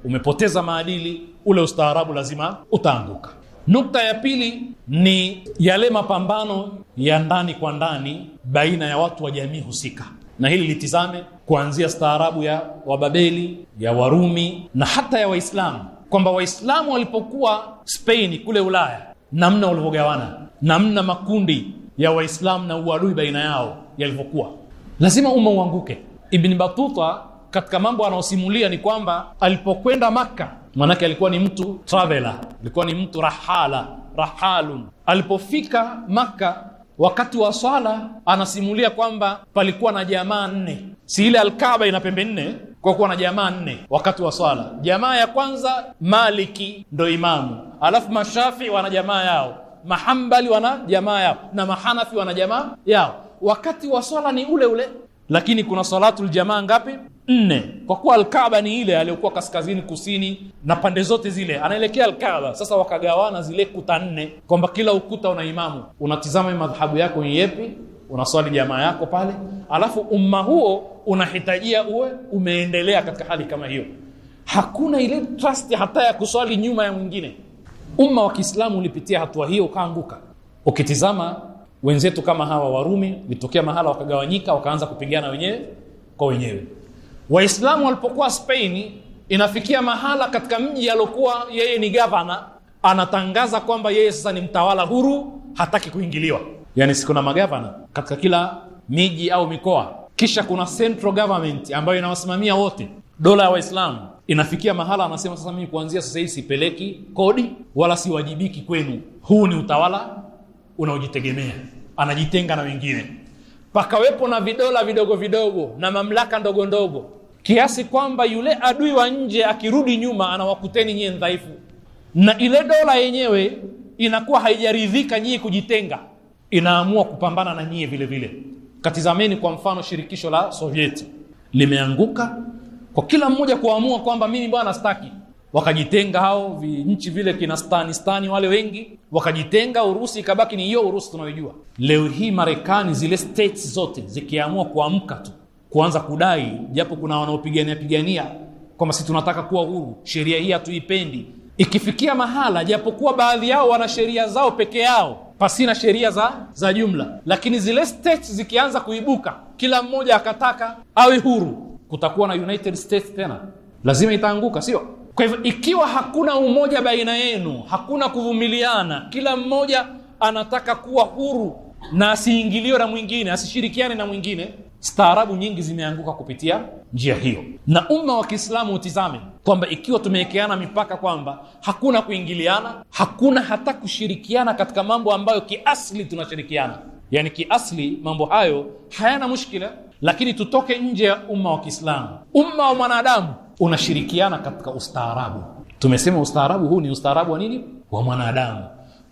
umepoteza maadili, ule ustaarabu lazima utaanguka. Nukta ya pili ni yale mapambano ya ndani kwa ndani baina ya watu wa jamii husika, na hili litizame kuanzia staarabu ya Wababeli, ya Warumi na hata ya Waislamu, kwamba Waislamu walipokuwa Spain kule Ulaya, namna walivyogawana, namna makundi ya Waislamu na uadui baina yao yalivyokuwa, lazima umma uanguke. Ibn Batuta katika mambo anaosimulia ni kwamba alipokwenda Makka Manake alikuwa ni mtu traveler, alikuwa ni mtu rahala, rahalun. Alipofika Maka wakati wa swala, anasimulia kwamba palikuwa na jamaa nne, si ile Alkaba ina pembe nne kwa kuwa na jamaa nne wakati wa swala. Jamaa ya kwanza Maliki ndo imamu, alafu Mashafi wana jamaa yao, Mahambali wana jamaa yao na Mahanafi wana jamaa yao. Wakati wa swala ni ule ule, lakini kuna salatu ljamaa ngapi? nne kwa kuwa alkaba ni ile aliyokuwa kaskazini kusini na pande zote zile, anaelekea alkaba Sasa wakagawana zile kuta nne, kwamba kila ukuta una imamu, unatizama madhhabu yako ni yepi, unaswali jamaa yako pale, alafu umma huo unahitajia uwe umeendelea katika hali kama hiyo. Hakuna ile trust hata ya kuswali nyuma ya mwingine. Umma wa Kiislamu ulipitia hatua hiyo ukaanguka. Ukitizama wenzetu kama hawa Warumi, ilitokea mahala wakagawanyika, wakaanza kupigana wenyewe kwa wenyewe. Waislamu walipokuwa Spain, inafikia mahala katika mji aliokuwa yeye ni gavana, anatangaza kwamba yeye sasa ni mtawala huru, hataki kuingiliwa. Yani si kuna magavana katika kila miji au mikoa, kisha kuna central government ambayo inawasimamia wote, dola ya Waislamu inafikia mahala anasema sasa, mimi kuanzia sasa hivi sipeleki kodi wala siwajibiki kwenu. Huu ni utawala unaojitegemea, anajitenga na wengine. Pakawepo na vidola vidogo vidogo na mamlaka ndogo ndogo kiasi kwamba yule adui wa nje akirudi nyuma anawakuteni nyie dhaifu, na ile dola yenyewe inakuwa haijaridhika nyie kujitenga, inaamua kupambana na nyie vile vile. Katizameni kwa mfano, shirikisho la Sovieti limeanguka kwa kila mmoja kuamua kwamba mimi bwana staki, wakajitenga hao vi, nchi vile kina stani wale wengi wakajitenga, Urusi ikabaki ni hiyo Urusi tunayoijua leo hii. Marekani zile states zote zikiamua kuamka tu kuanza kudai, japo kuna wanaopigania pigania kwamba sisi tunataka kuwa huru, sheria hii hatuipendi, ikifikia mahala, japokuwa baadhi yao wana sheria zao peke yao pasina sheria za za jumla, lakini zile states zikianza kuibuka, kila mmoja akataka awe huru, kutakuwa na United States tena, lazima itaanguka, sio? Kwa hivyo ikiwa hakuna umoja baina yenu, hakuna kuvumiliana, kila mmoja anataka kuwa huru na asiingiliwe na mwingine, asishirikiane na mwingine, staarabu nyingi zimeanguka kupitia njia hiyo, na umma wa Kiislamu utizame kwamba ikiwa tumewekeana mipaka kwamba hakuna kuingiliana, hakuna hata kushirikiana katika mambo ambayo kiasli tunashirikiana, yani kiasli mambo hayo hayana mushkila, lakini tutoke nje ya umma wa Kiislamu. Umma wa mwanadamu unashirikiana katika ustaarabu. Tumesema ustaarabu huu ni ustaarabu wa nini? Wa mwanadamu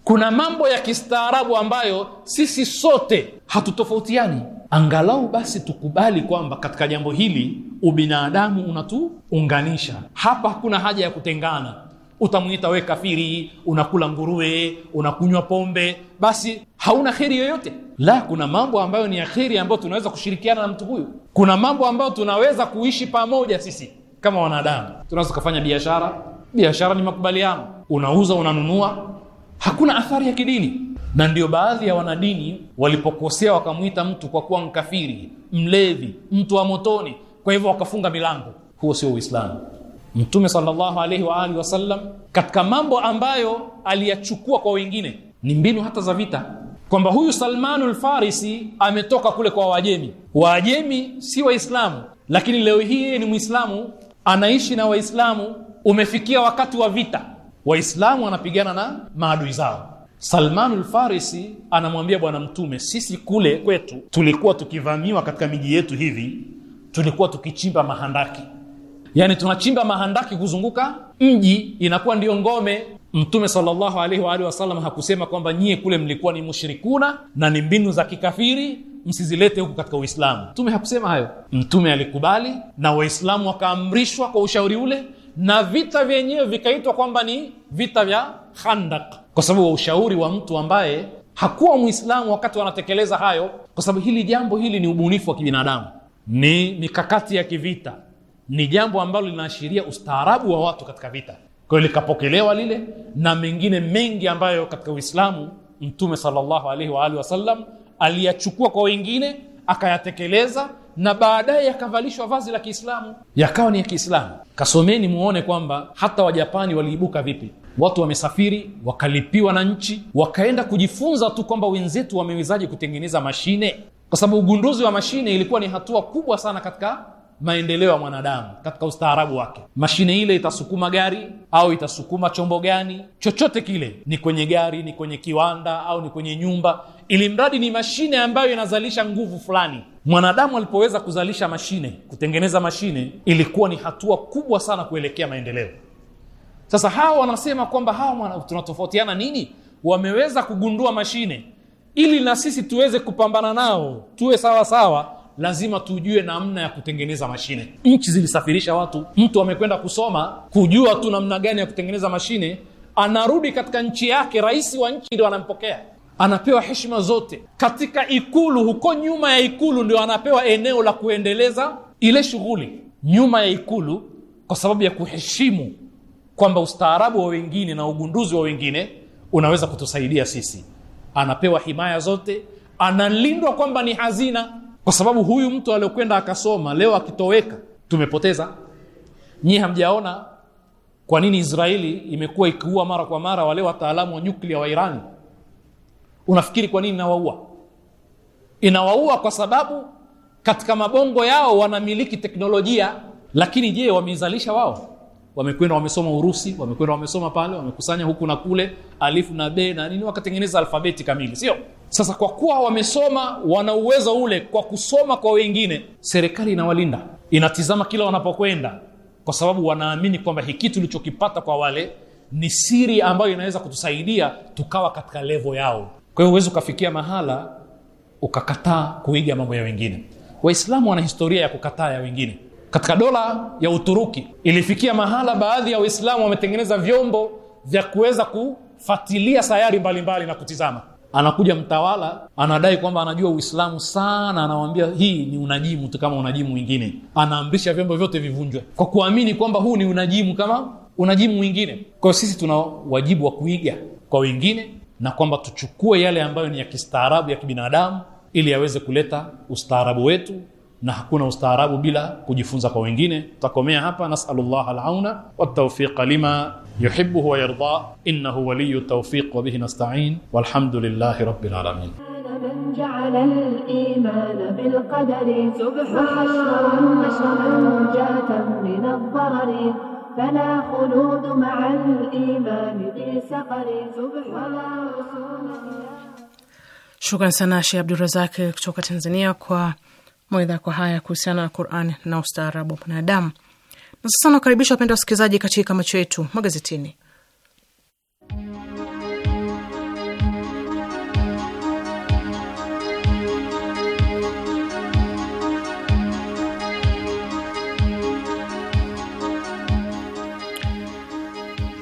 kuna mambo ya kistaarabu ambayo sisi sote hatutofautiani angalau basi tukubali kwamba katika jambo hili ubinadamu unatuunganisha hapa hakuna haja ya kutengana utamwita we kafiri unakula nguruwe unakunywa pombe basi hauna kheri yoyote la kuna mambo ambayo ni ya kheri ambayo tunaweza kushirikiana na mtu huyu kuna mambo ambayo tunaweza kuishi pamoja sisi kama wanadamu tunaweza tukafanya biashara biashara ni makubaliano unauza unanunua hakuna athari ya kidini. Na ndio baadhi ya wanadini walipokosea wakamwita mtu kwa kuwa mkafiri, mlevi, mtu wa motoni, kwa hivyo wakafunga milango. Huo sio Uislamu. Mtume sallallahu alaihi wa alihi wasallam katika mambo ambayo aliyachukua kwa wengine ni mbinu hata za vita, kwamba huyu Salmanu Lfarisi ametoka kule kwa Waajemi. Waajemi si Waislamu, lakini leo hii yeye ni Mwislamu, anaishi na Waislamu. Umefikia wakati wa vita Waislamu wanapigana na maadui zao. Salmanu Lfarisi anamwambia Bwana Mtume, sisi kule kwetu tulikuwa tukivamiwa katika miji yetu hivi, tulikuwa tukichimba mahandaki, yaani tunachimba mahandaki kuzunguka mji, inakuwa ndiyo ngome. Mtume sallallahu alaihi wa alihi wasallam hakusema kwamba nyie kule mlikuwa ni mushrikuna na ni mbinu za kikafiri msizilete huku katika Uislamu. Mtume hakusema hayo. Mtume alikubali na Waislamu wakaamrishwa kwa ushauri ule na vita vyenyewe vikaitwa kwamba ni vita vya Khandak kwa sababu wa ushauri wa mtu ambaye hakuwa Mwislamu wakati wanatekeleza hayo, kwa sababu hili jambo hili ni ubunifu wa kibinadamu, ni mikakati ya kivita, ni jambo ambalo linaashiria ustaarabu wa watu katika vita. Kwa hiyo likapokelewa lile na mengine mengi ambayo katika Uislamu Mtume sallallahu alaihi wa alihi wasallam aliyachukua kwa wengine akayatekeleza na baadaye yakavalishwa vazi la Kiislamu, yakawa ni ya Kiislamu. Kasomeni muone kwamba hata Wajapani waliibuka vipi. Watu wamesafiri wakalipiwa na nchi, wakaenda kujifunza tu kwamba wenzetu wamewezaji kutengeneza mashine, kwa sababu ugunduzi wa mashine ilikuwa ni hatua kubwa sana katika maendeleo ya mwanadamu katika ustaarabu wake. Mashine ile itasukuma gari au itasukuma chombo gani chochote kile, ni kwenye gari, ni kwenye kiwanda au ni kwenye nyumba, ili mradi ni mashine ambayo inazalisha nguvu fulani. Mwanadamu alipoweza kuzalisha mashine, kutengeneza mashine, ilikuwa ni hatua kubwa sana kuelekea maendeleo. Sasa hawa wanasema kwamba hawa tunatofautiana nini? Wameweza kugundua mashine, ili na sisi tuweze kupambana nao, tuwe sawa sawa lazima tujue namna ya kutengeneza mashine. Nchi zilisafirisha watu, mtu amekwenda kusoma kujua tu namna gani ya kutengeneza mashine, anarudi katika nchi yake, rais wa nchi ndio anampokea anapewa heshima zote katika Ikulu. Huko nyuma ya Ikulu ndio anapewa eneo la kuendeleza ile shughuli nyuma ya Ikulu, kwa sababu ya kuheshimu kwamba ustaarabu wa wengine na ugunduzi wa wengine unaweza kutusaidia sisi. Anapewa himaya zote, analindwa kwamba ni hazina, kwa sababu huyu mtu aliyokwenda akasoma leo akitoweka, tumepoteza. Nyie hamjaona kwa nini Israeli imekuwa ikiua mara kwa mara wale wataalamu wa nyuklia wa Irani Unafikiri kwa nini inawaua? Inawaua kwa sababu katika mabongo yao wanamiliki teknolojia, lakini je, wamezalisha wao? Wamekwenda wamesoma Urusi, wamekwenda wamesoma pale, wamekusanya huku na kule alifu na be na nini, wakatengeneza alfabeti kamili, sio? Sasa kwa kuwa wamesoma, wana uwezo ule kwa kusoma kwa wengine, serikali inawalinda, inatizama kila wanapokwenda, kwa sababu wanaamini kwamba hiki tulichokipata kwa wale ni siri ambayo inaweza kutusaidia tukawa katika levo yao kwa hiyo huwezi ukafikia mahala ukakataa kuiga mambo ya wengine waislamu wana historia ya kukataa ya wengine katika dola ya uturuki ilifikia mahala baadhi ya waislamu wametengeneza vyombo vya kuweza kufatilia sayari mbalimbali mbali na kutizama anakuja mtawala anadai kwamba anajua uislamu sana anawambia hii ni unajimu tu kama unajimu wingine anaamrisha vyombo vyote vivunjwe kwa kuamini kwamba huu ni unajimu kama unajimu mwingine kwayo sisi tuna wajibu wa kuiga kwa wengine na kwamba tuchukue yale ambayo ni ya kistaarabu ya kibinadamu ili yaweze kuleta ustaarabu wetu na hakuna ustaarabu bila kujifunza kwa wengine tutakomea hapa nasallallahu alauna watawfiqa lima yuhibbu wa innahu waliyu tawfiq wa nasta'in walhamdulillahi rabbil alamin الإيمان بالقدر سبحان وحشرا نشرا من الضرر فلا خلود مع الإيمان في سقر زبح ولا Shukran sana Sheh Abdurazak kutoka Tanzania kwa mawaidha kwa haya kuhusiana na Qurani na ustaarabu wa mwanadamu. Na sasa nakaribisha wapenda wasikilizaji katika macho yetu magazetini.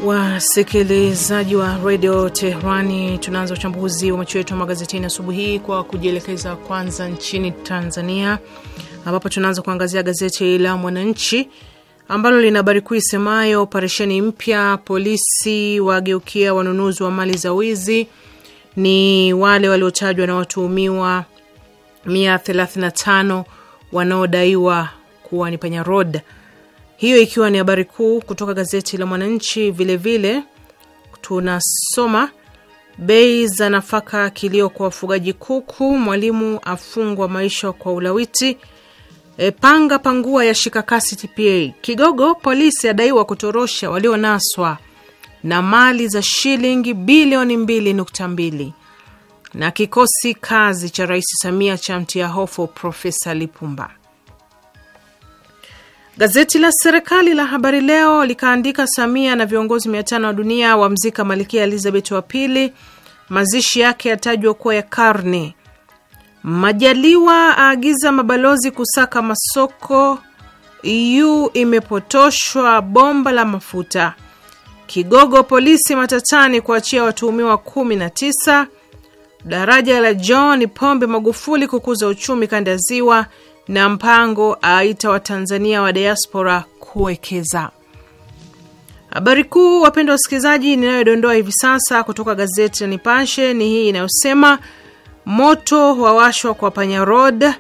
Wasikilizaji wa redio tehrani tunaanza uchambuzi wa macho yetu wa magazetini asubuhi hii kwa kujielekeza kwanza nchini Tanzania, ambapo tunaanza kuangazia gazeti la Mwananchi ambalo lina habari kuu isemayo operesheni mpya, polisi wageukia wanunuzi wa mali za wizi. Ni wale waliotajwa na watuhumiwa 135 wanaodaiwa kuwa ni panya hiyo ikiwa ni habari kuu kutoka gazeti la Mwananchi. Vilevile tunasoma bei za nafaka, kilio kwa wafugaji kuku, mwalimu afungwa maisha kwa ulawiti, e, panga pangua ya shikakasi TPA, kigogo polisi adaiwa kutorosha walionaswa, na mali za shilingi bilioni mbili na kikosi kazi cha Rais Samia cha mtia hofu Profesa Lipumba. Gazeti la serikali la Habari Leo likaandika Samia na viongozi mia tano wa dunia wamzika Malkia Elizabeth wa pili, mazishi yake yatajwa kuwa ya karne. Majaliwa aagiza mabalozi kusaka masoko. EU imepotoshwa bomba la mafuta. Kigogo polisi matatani kuachia watuhumiwa 19. Daraja la John Pombe Magufuli kukuza uchumi kanda ya Ziwa na Mpango aita Watanzania wa diaspora kuwekeza. Habari kuu, wapendwa wasikilizaji, ninayodondoa hivi sasa kutoka gazeti la Nipashe ni hii inayosema moto wawashwa kwa Panya Road,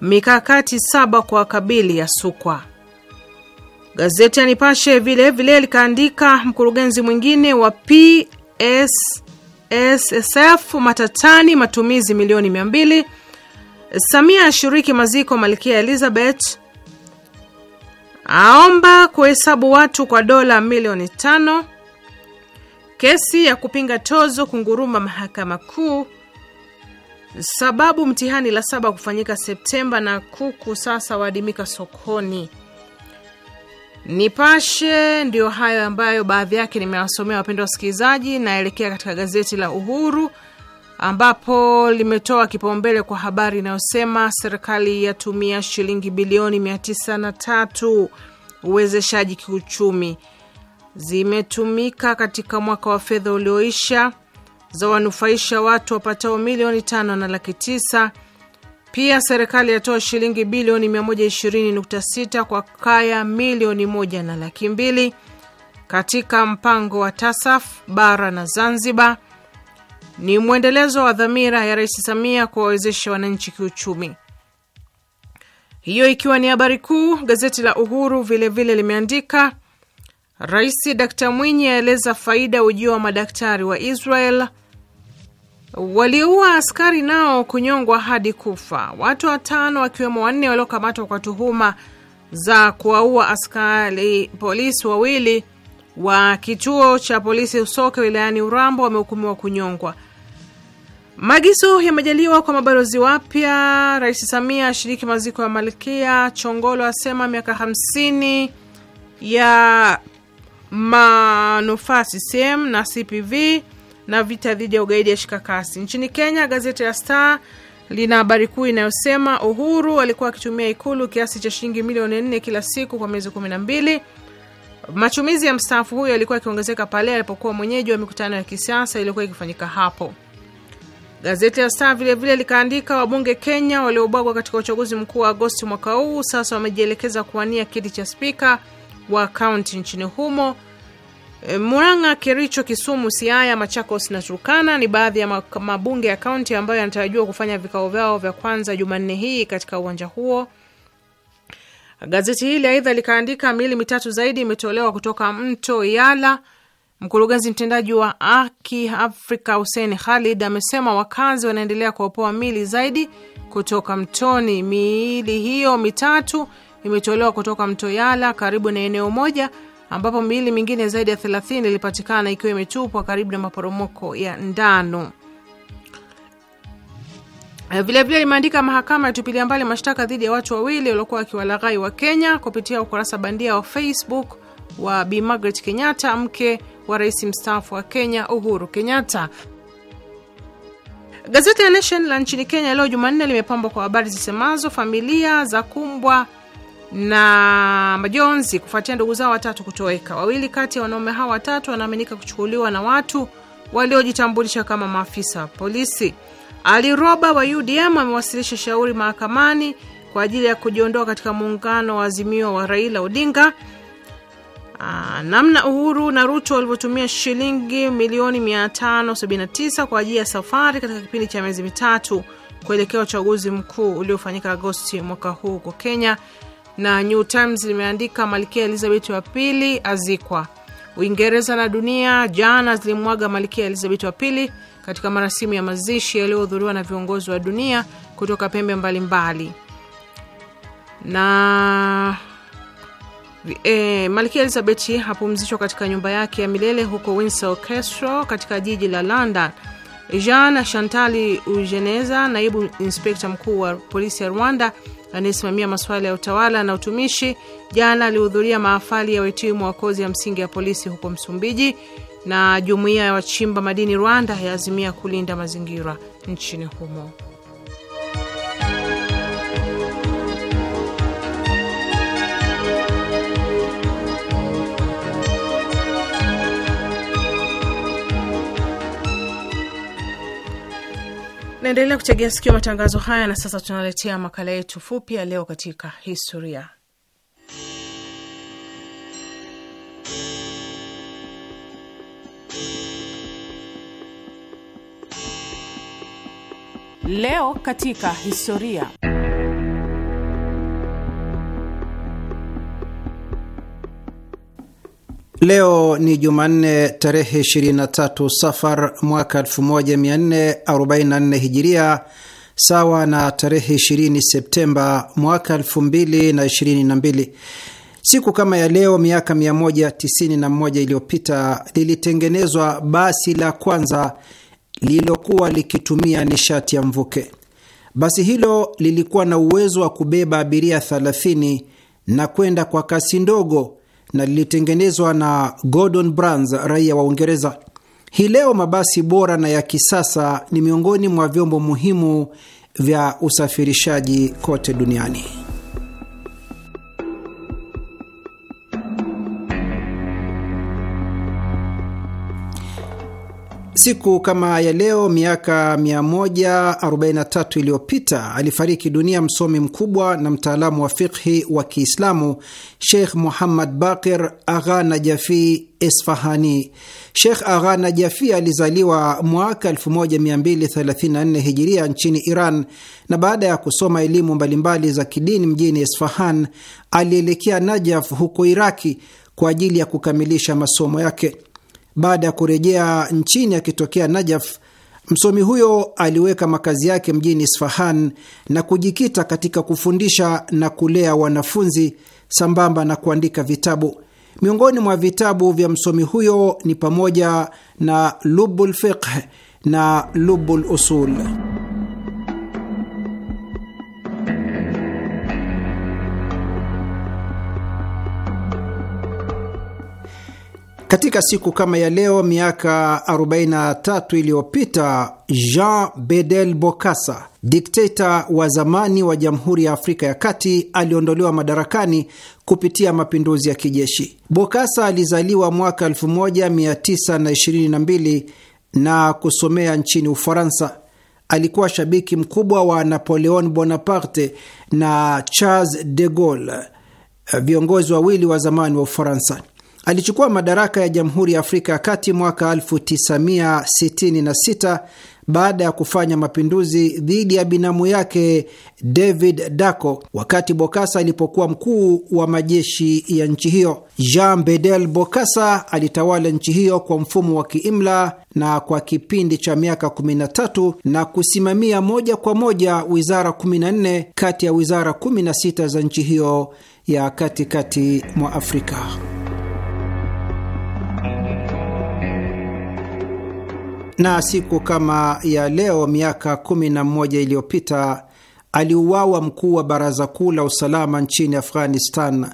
mikakati saba kwa kabili ya Sukwa. Gazeti la Nipashe vilevile likaandika mkurugenzi mwingine wa PSSF matatani, matumizi milioni mia mbili Samia ashiriki maziko malkia Elizabeth, aomba kuhesabu watu kwa dola milioni tano. Kesi ya kupinga tozo kunguruma mahakama kuu. Sababu mtihani la saba kufanyika Septemba na kuku sasa waadimika sokoni. Nipashe ndiyo hayo ambayo baadhi yake nimewasomea wapendwa wasikilizaji. Naelekea katika gazeti la Uhuru ambapo limetoa kipaumbele kwa habari inayosema serikali yatumia shilingi bilioni 903 uwezeshaji kiuchumi, zimetumika katika mwaka wa fedha ulioisha, zawanufaisha watu wapatao milioni tano na laki tisa. Pia serikali yatoa shilingi bilioni 120.6 kwa kaya milioni moja na laki mbili katika mpango wa TASAF bara na Zanzibar ni mwendelezo wa dhamira ya Rais Samia kuwawezesha wananchi kiuchumi. Hiyo ikiwa ni habari kuu. Gazeti la Uhuru vilevile vile limeandika Rais Dkt Mwinyi aeleza faida ujio wa madaktari wa Israel. Walioua askari nao kunyongwa hadi kufa. Watu watano wakiwemo wanne waliokamatwa kwa tuhuma za kuwaua askari polisi wawili wa kituo cha polisi Usoke wilayani Urambo wamehukumiwa kunyongwa magiso yamejaliwa kwa mabalozi wapya. Rais Samia ashiriki maziko ya Malkia Chongolo, asema miaka hamsini ya manufaa CCM na CPV na vita dhidi ya ugaidi ya shika kasi. Nchini Kenya, gazeti la Star lina habari kuu inayosema Uhuru alikuwa akitumia Ikulu kiasi cha shilingi milioni nne kila siku kwa miezi kumi na mbili. Matumizi ya mstaafu huyo yalikuwa yakiongezeka pale alipokuwa mwenyeji wa mikutano ya kisiasa iliyokuwa ikifanyika hapo. Gazeti la Star vilevile likaandika wabunge Kenya waliobwagwa katika uchaguzi mkuu wa Agosti mwaka huu sasa wamejielekeza kuwania kiti cha spika wa kaunti nchini humo. E, Murang'a, Kericho, Kisumu, Siaya, Machakos na Turkana ni baadhi ya mabunge ya kaunti ambayo yanatarajiwa kufanya vikao vyao vya kwanza Jumanne hii katika uwanja huo. Gazeti hili aidha likaandika miili mitatu zaidi imetolewa kutoka mto Yala Mkurugenzi mtendaji wa Aki Afrika Hussein Khalid amesema wakazi wanaendelea kuopoa mili zaidi kutoka mtoni. Miili hiyo mitatu imetolewa kutoka mto Yala karibu na eneo moja ambapo miili mingine zaidi ya 30 ilipatikana ikiwa imetupwa karibu na maporomoko ya Ndano. Vilevile eh, limeandika mahakama yatupilia mbali mashtaka dhidi ya watu wawili waliokuwa wakiwalaghai wa Kenya kupitia ukurasa bandia wa Facebook wa Bi Margaret Kenyatta, mke wa rais mstaafu wa Kenya Uhuru Kenyatta. Gazeti ya Nation la nchini Kenya leo Jumanne limepambwa kwa habari zisemazo familia za kumbwa na majonzi kufuatia ndugu zao watatu kutoweka. Wawili kati ya wanaume hao watatu wanaaminika kuchukuliwa na watu waliojitambulisha kama maafisa wa polisi. Ali Roba wa UDM amewasilisha shauri mahakamani kwa ajili ya kujiondoa katika muungano wa Azimio wa Raila Odinga Aa, ah, namna Uhuru na Ruto walivyotumia shilingi milioni 579 kwa ajili ya safari katika kipindi cha miezi mitatu kuelekea uchaguzi mkuu uliofanyika Agosti mwaka huu huko Kenya. Na New Times limeandika Malkia Elizabeth wa pili azikwa. Uingereza na dunia jana zilimwaga Malkia Elizabeth wa pili katika marasimu ya mazishi yaliyohudhuriwa na viongozi wa dunia kutoka pembe mbalimbali mbali. na E, Malkia Elizabeth hapumzishwa katika nyumba yake ya milele huko Windsor Castle katika jiji la London. Jean Chantal Ujeneza, naibu inspekta mkuu wa polisi ya Rwanda anayesimamia masuala ya utawala na utumishi, jana alihudhuria maafali ya wahitimu wa kozi ya msingi ya polisi huko Msumbiji. Na jumuiya ya wachimba madini Rwanda yaazimia kulinda mazingira nchini humo. Naendelea kuchegea sikio matangazo haya, na sasa tunaletea makala yetu fupi ya leo katika historia. Leo katika historia Leo ni Jumanne tarehe 23 Safar mwaka 1444 Hijiria, sawa na tarehe 20 Septemba mwaka 2022. Siku kama ya leo miaka 191 iliyopita lilitengenezwa basi la kwanza lililokuwa likitumia nishati ya mvuke. Basi hilo lilikuwa na uwezo wa kubeba abiria 30 na kwenda kwa kasi ndogo na lilitengenezwa na Gordon Brans, raia wa Uingereza. Hii leo mabasi bora na ya kisasa ni miongoni mwa vyombo muhimu vya usafirishaji kote duniani. Siku kama ya leo miaka 143 iliyopita alifariki dunia msomi mkubwa na mtaalamu wa fikhi wa Kiislamu Sheikh Muhammad Baqir Agha Najafi Esfahani. Sheikh Agha Najafi alizaliwa mwaka 1234 hijiria nchini Iran, na baada ya kusoma elimu mbalimbali za kidini mjini Esfahan alielekea Najaf huko Iraki kwa ajili ya kukamilisha masomo yake baada ya kurejea nchini akitokea Najaf. Msomi huyo aliweka makazi yake mjini Isfahan na kujikita katika kufundisha na kulea wanafunzi sambamba na kuandika vitabu. Miongoni mwa vitabu vya msomi huyo ni pamoja na Lubul Fiqh na Lubul Usul. Katika siku kama ya leo miaka 43 iliyopita Jean Bedel Bokassa, dikteta wa zamani wa Jamhuri ya Afrika ya Kati, aliondolewa madarakani kupitia mapinduzi ya kijeshi. Bokassa alizaliwa mwaka 1922 na kusomea nchini Ufaransa. Alikuwa shabiki mkubwa wa Napoleon Bonaparte na Charles de Gaulle, viongozi wawili wa zamani wa Ufaransa. Alichukua madaraka ya Jamhuri ya Afrika ya Kati mwaka 1966 baada ya kufanya mapinduzi dhidi ya binamu yake David daco wakati bokasa alipokuwa mkuu wa majeshi ya nchi hiyo. Jean Bedel bokasa alitawala nchi hiyo kwa mfumo wa kiimla na kwa kipindi cha miaka 13 na kusimamia moja kwa moja wizara 14 kati ya wizara 16 za nchi hiyo ya katikati mwa Afrika. na siku kama ya leo miaka 11 iliyopita aliuawa mkuu wa baraza kuu la usalama nchini Afghanistan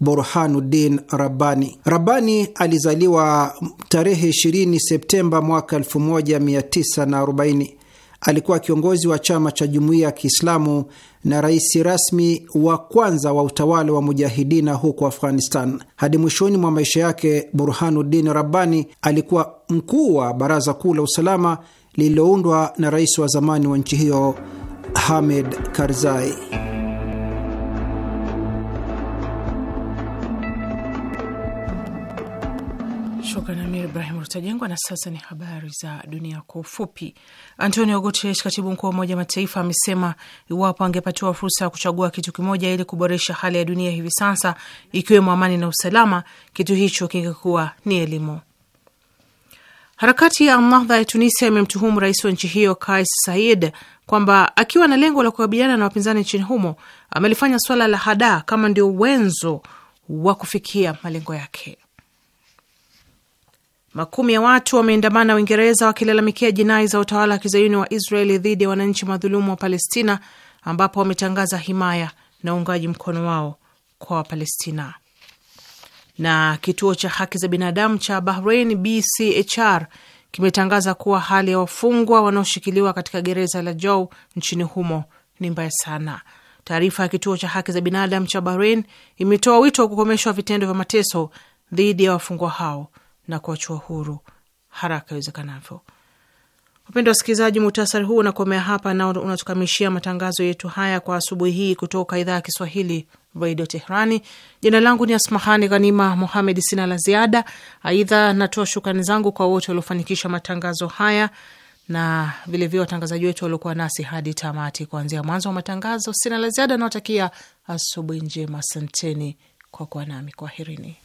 Burhanuddin Rabbani. Rabbani alizaliwa tarehe 20 Septemba mwaka 1940. Alikuwa kiongozi wa chama cha Jumuiya ya Kiislamu na rais rasmi wa kwanza wa utawala wa mujahidina huko Afghanistan. Hadi mwishoni mwa maisha yake, Burhanuddin Rabbani alikuwa mkuu wa baraza kuu la usalama lililoundwa na rais wa zamani wa nchi hiyo Hamid Karzai. Shukran Amir Ibrahim Rutajengwa. Na sasa ni habari za dunia kwa ufupi. Antonio Guterres, katibu mkuu wa Umoja wa Mataifa, amesema iwapo angepatiwa fursa ya kuchagua kitu kimoja ili kuboresha hali ya dunia hivi sasa, ikiwemo amani na usalama, kitu hicho kingekuwa ni elimu. Harakati ya Nahdha ya Tunisia imemtuhumu rais wa nchi hiyo Kais Saied kwamba akiwa na lengo la kukabiliana na wapinzani nchini humo amelifanya swala la hadaa kama ndio wenzo wa kufikia malengo yake. Makumi ya watu wameandamana Uingereza wakilalamikia jinai za utawala wa kizayuni wa Israeli dhidi ya wananchi madhulumu wa Palestina, ambapo wametangaza himaya na uungaji mkono wao kwa Wapalestina. Na kituo cha haki za binadamu cha Bahrain, BCHR, kimetangaza kuwa hali ya wafungwa wanaoshikiliwa katika gereza la Jou nchini humo ni mbaya sana. Taarifa ya kituo cha haki za binadamu cha Bahrain imetoa wito wa kukomeshwa vitendo vya mateso dhidi ya wafungwa hao na kuachua huru haraka iwezekanavyo. Wapendwa wasikilizaji, muhtasari huu unakomea hapa nao unatukamishia matangazo yetu haya kwa asubuhi hii kutoka idhaa ya Kiswahili Radio Teherani. Jina langu ni Asmahani Ghanima Muhamed, sina la ziada. Aidha, natoa shukrani zangu kwa wote waliofanikisha matangazo haya na vilevile watangazaji wetu waliokuwa nasi hadi tamati, kuanzia mwanzo wa matangazo. Sina la ziada, nawatakia asubuhi njema. Asanteni kwa kuwa nami, kwaherini.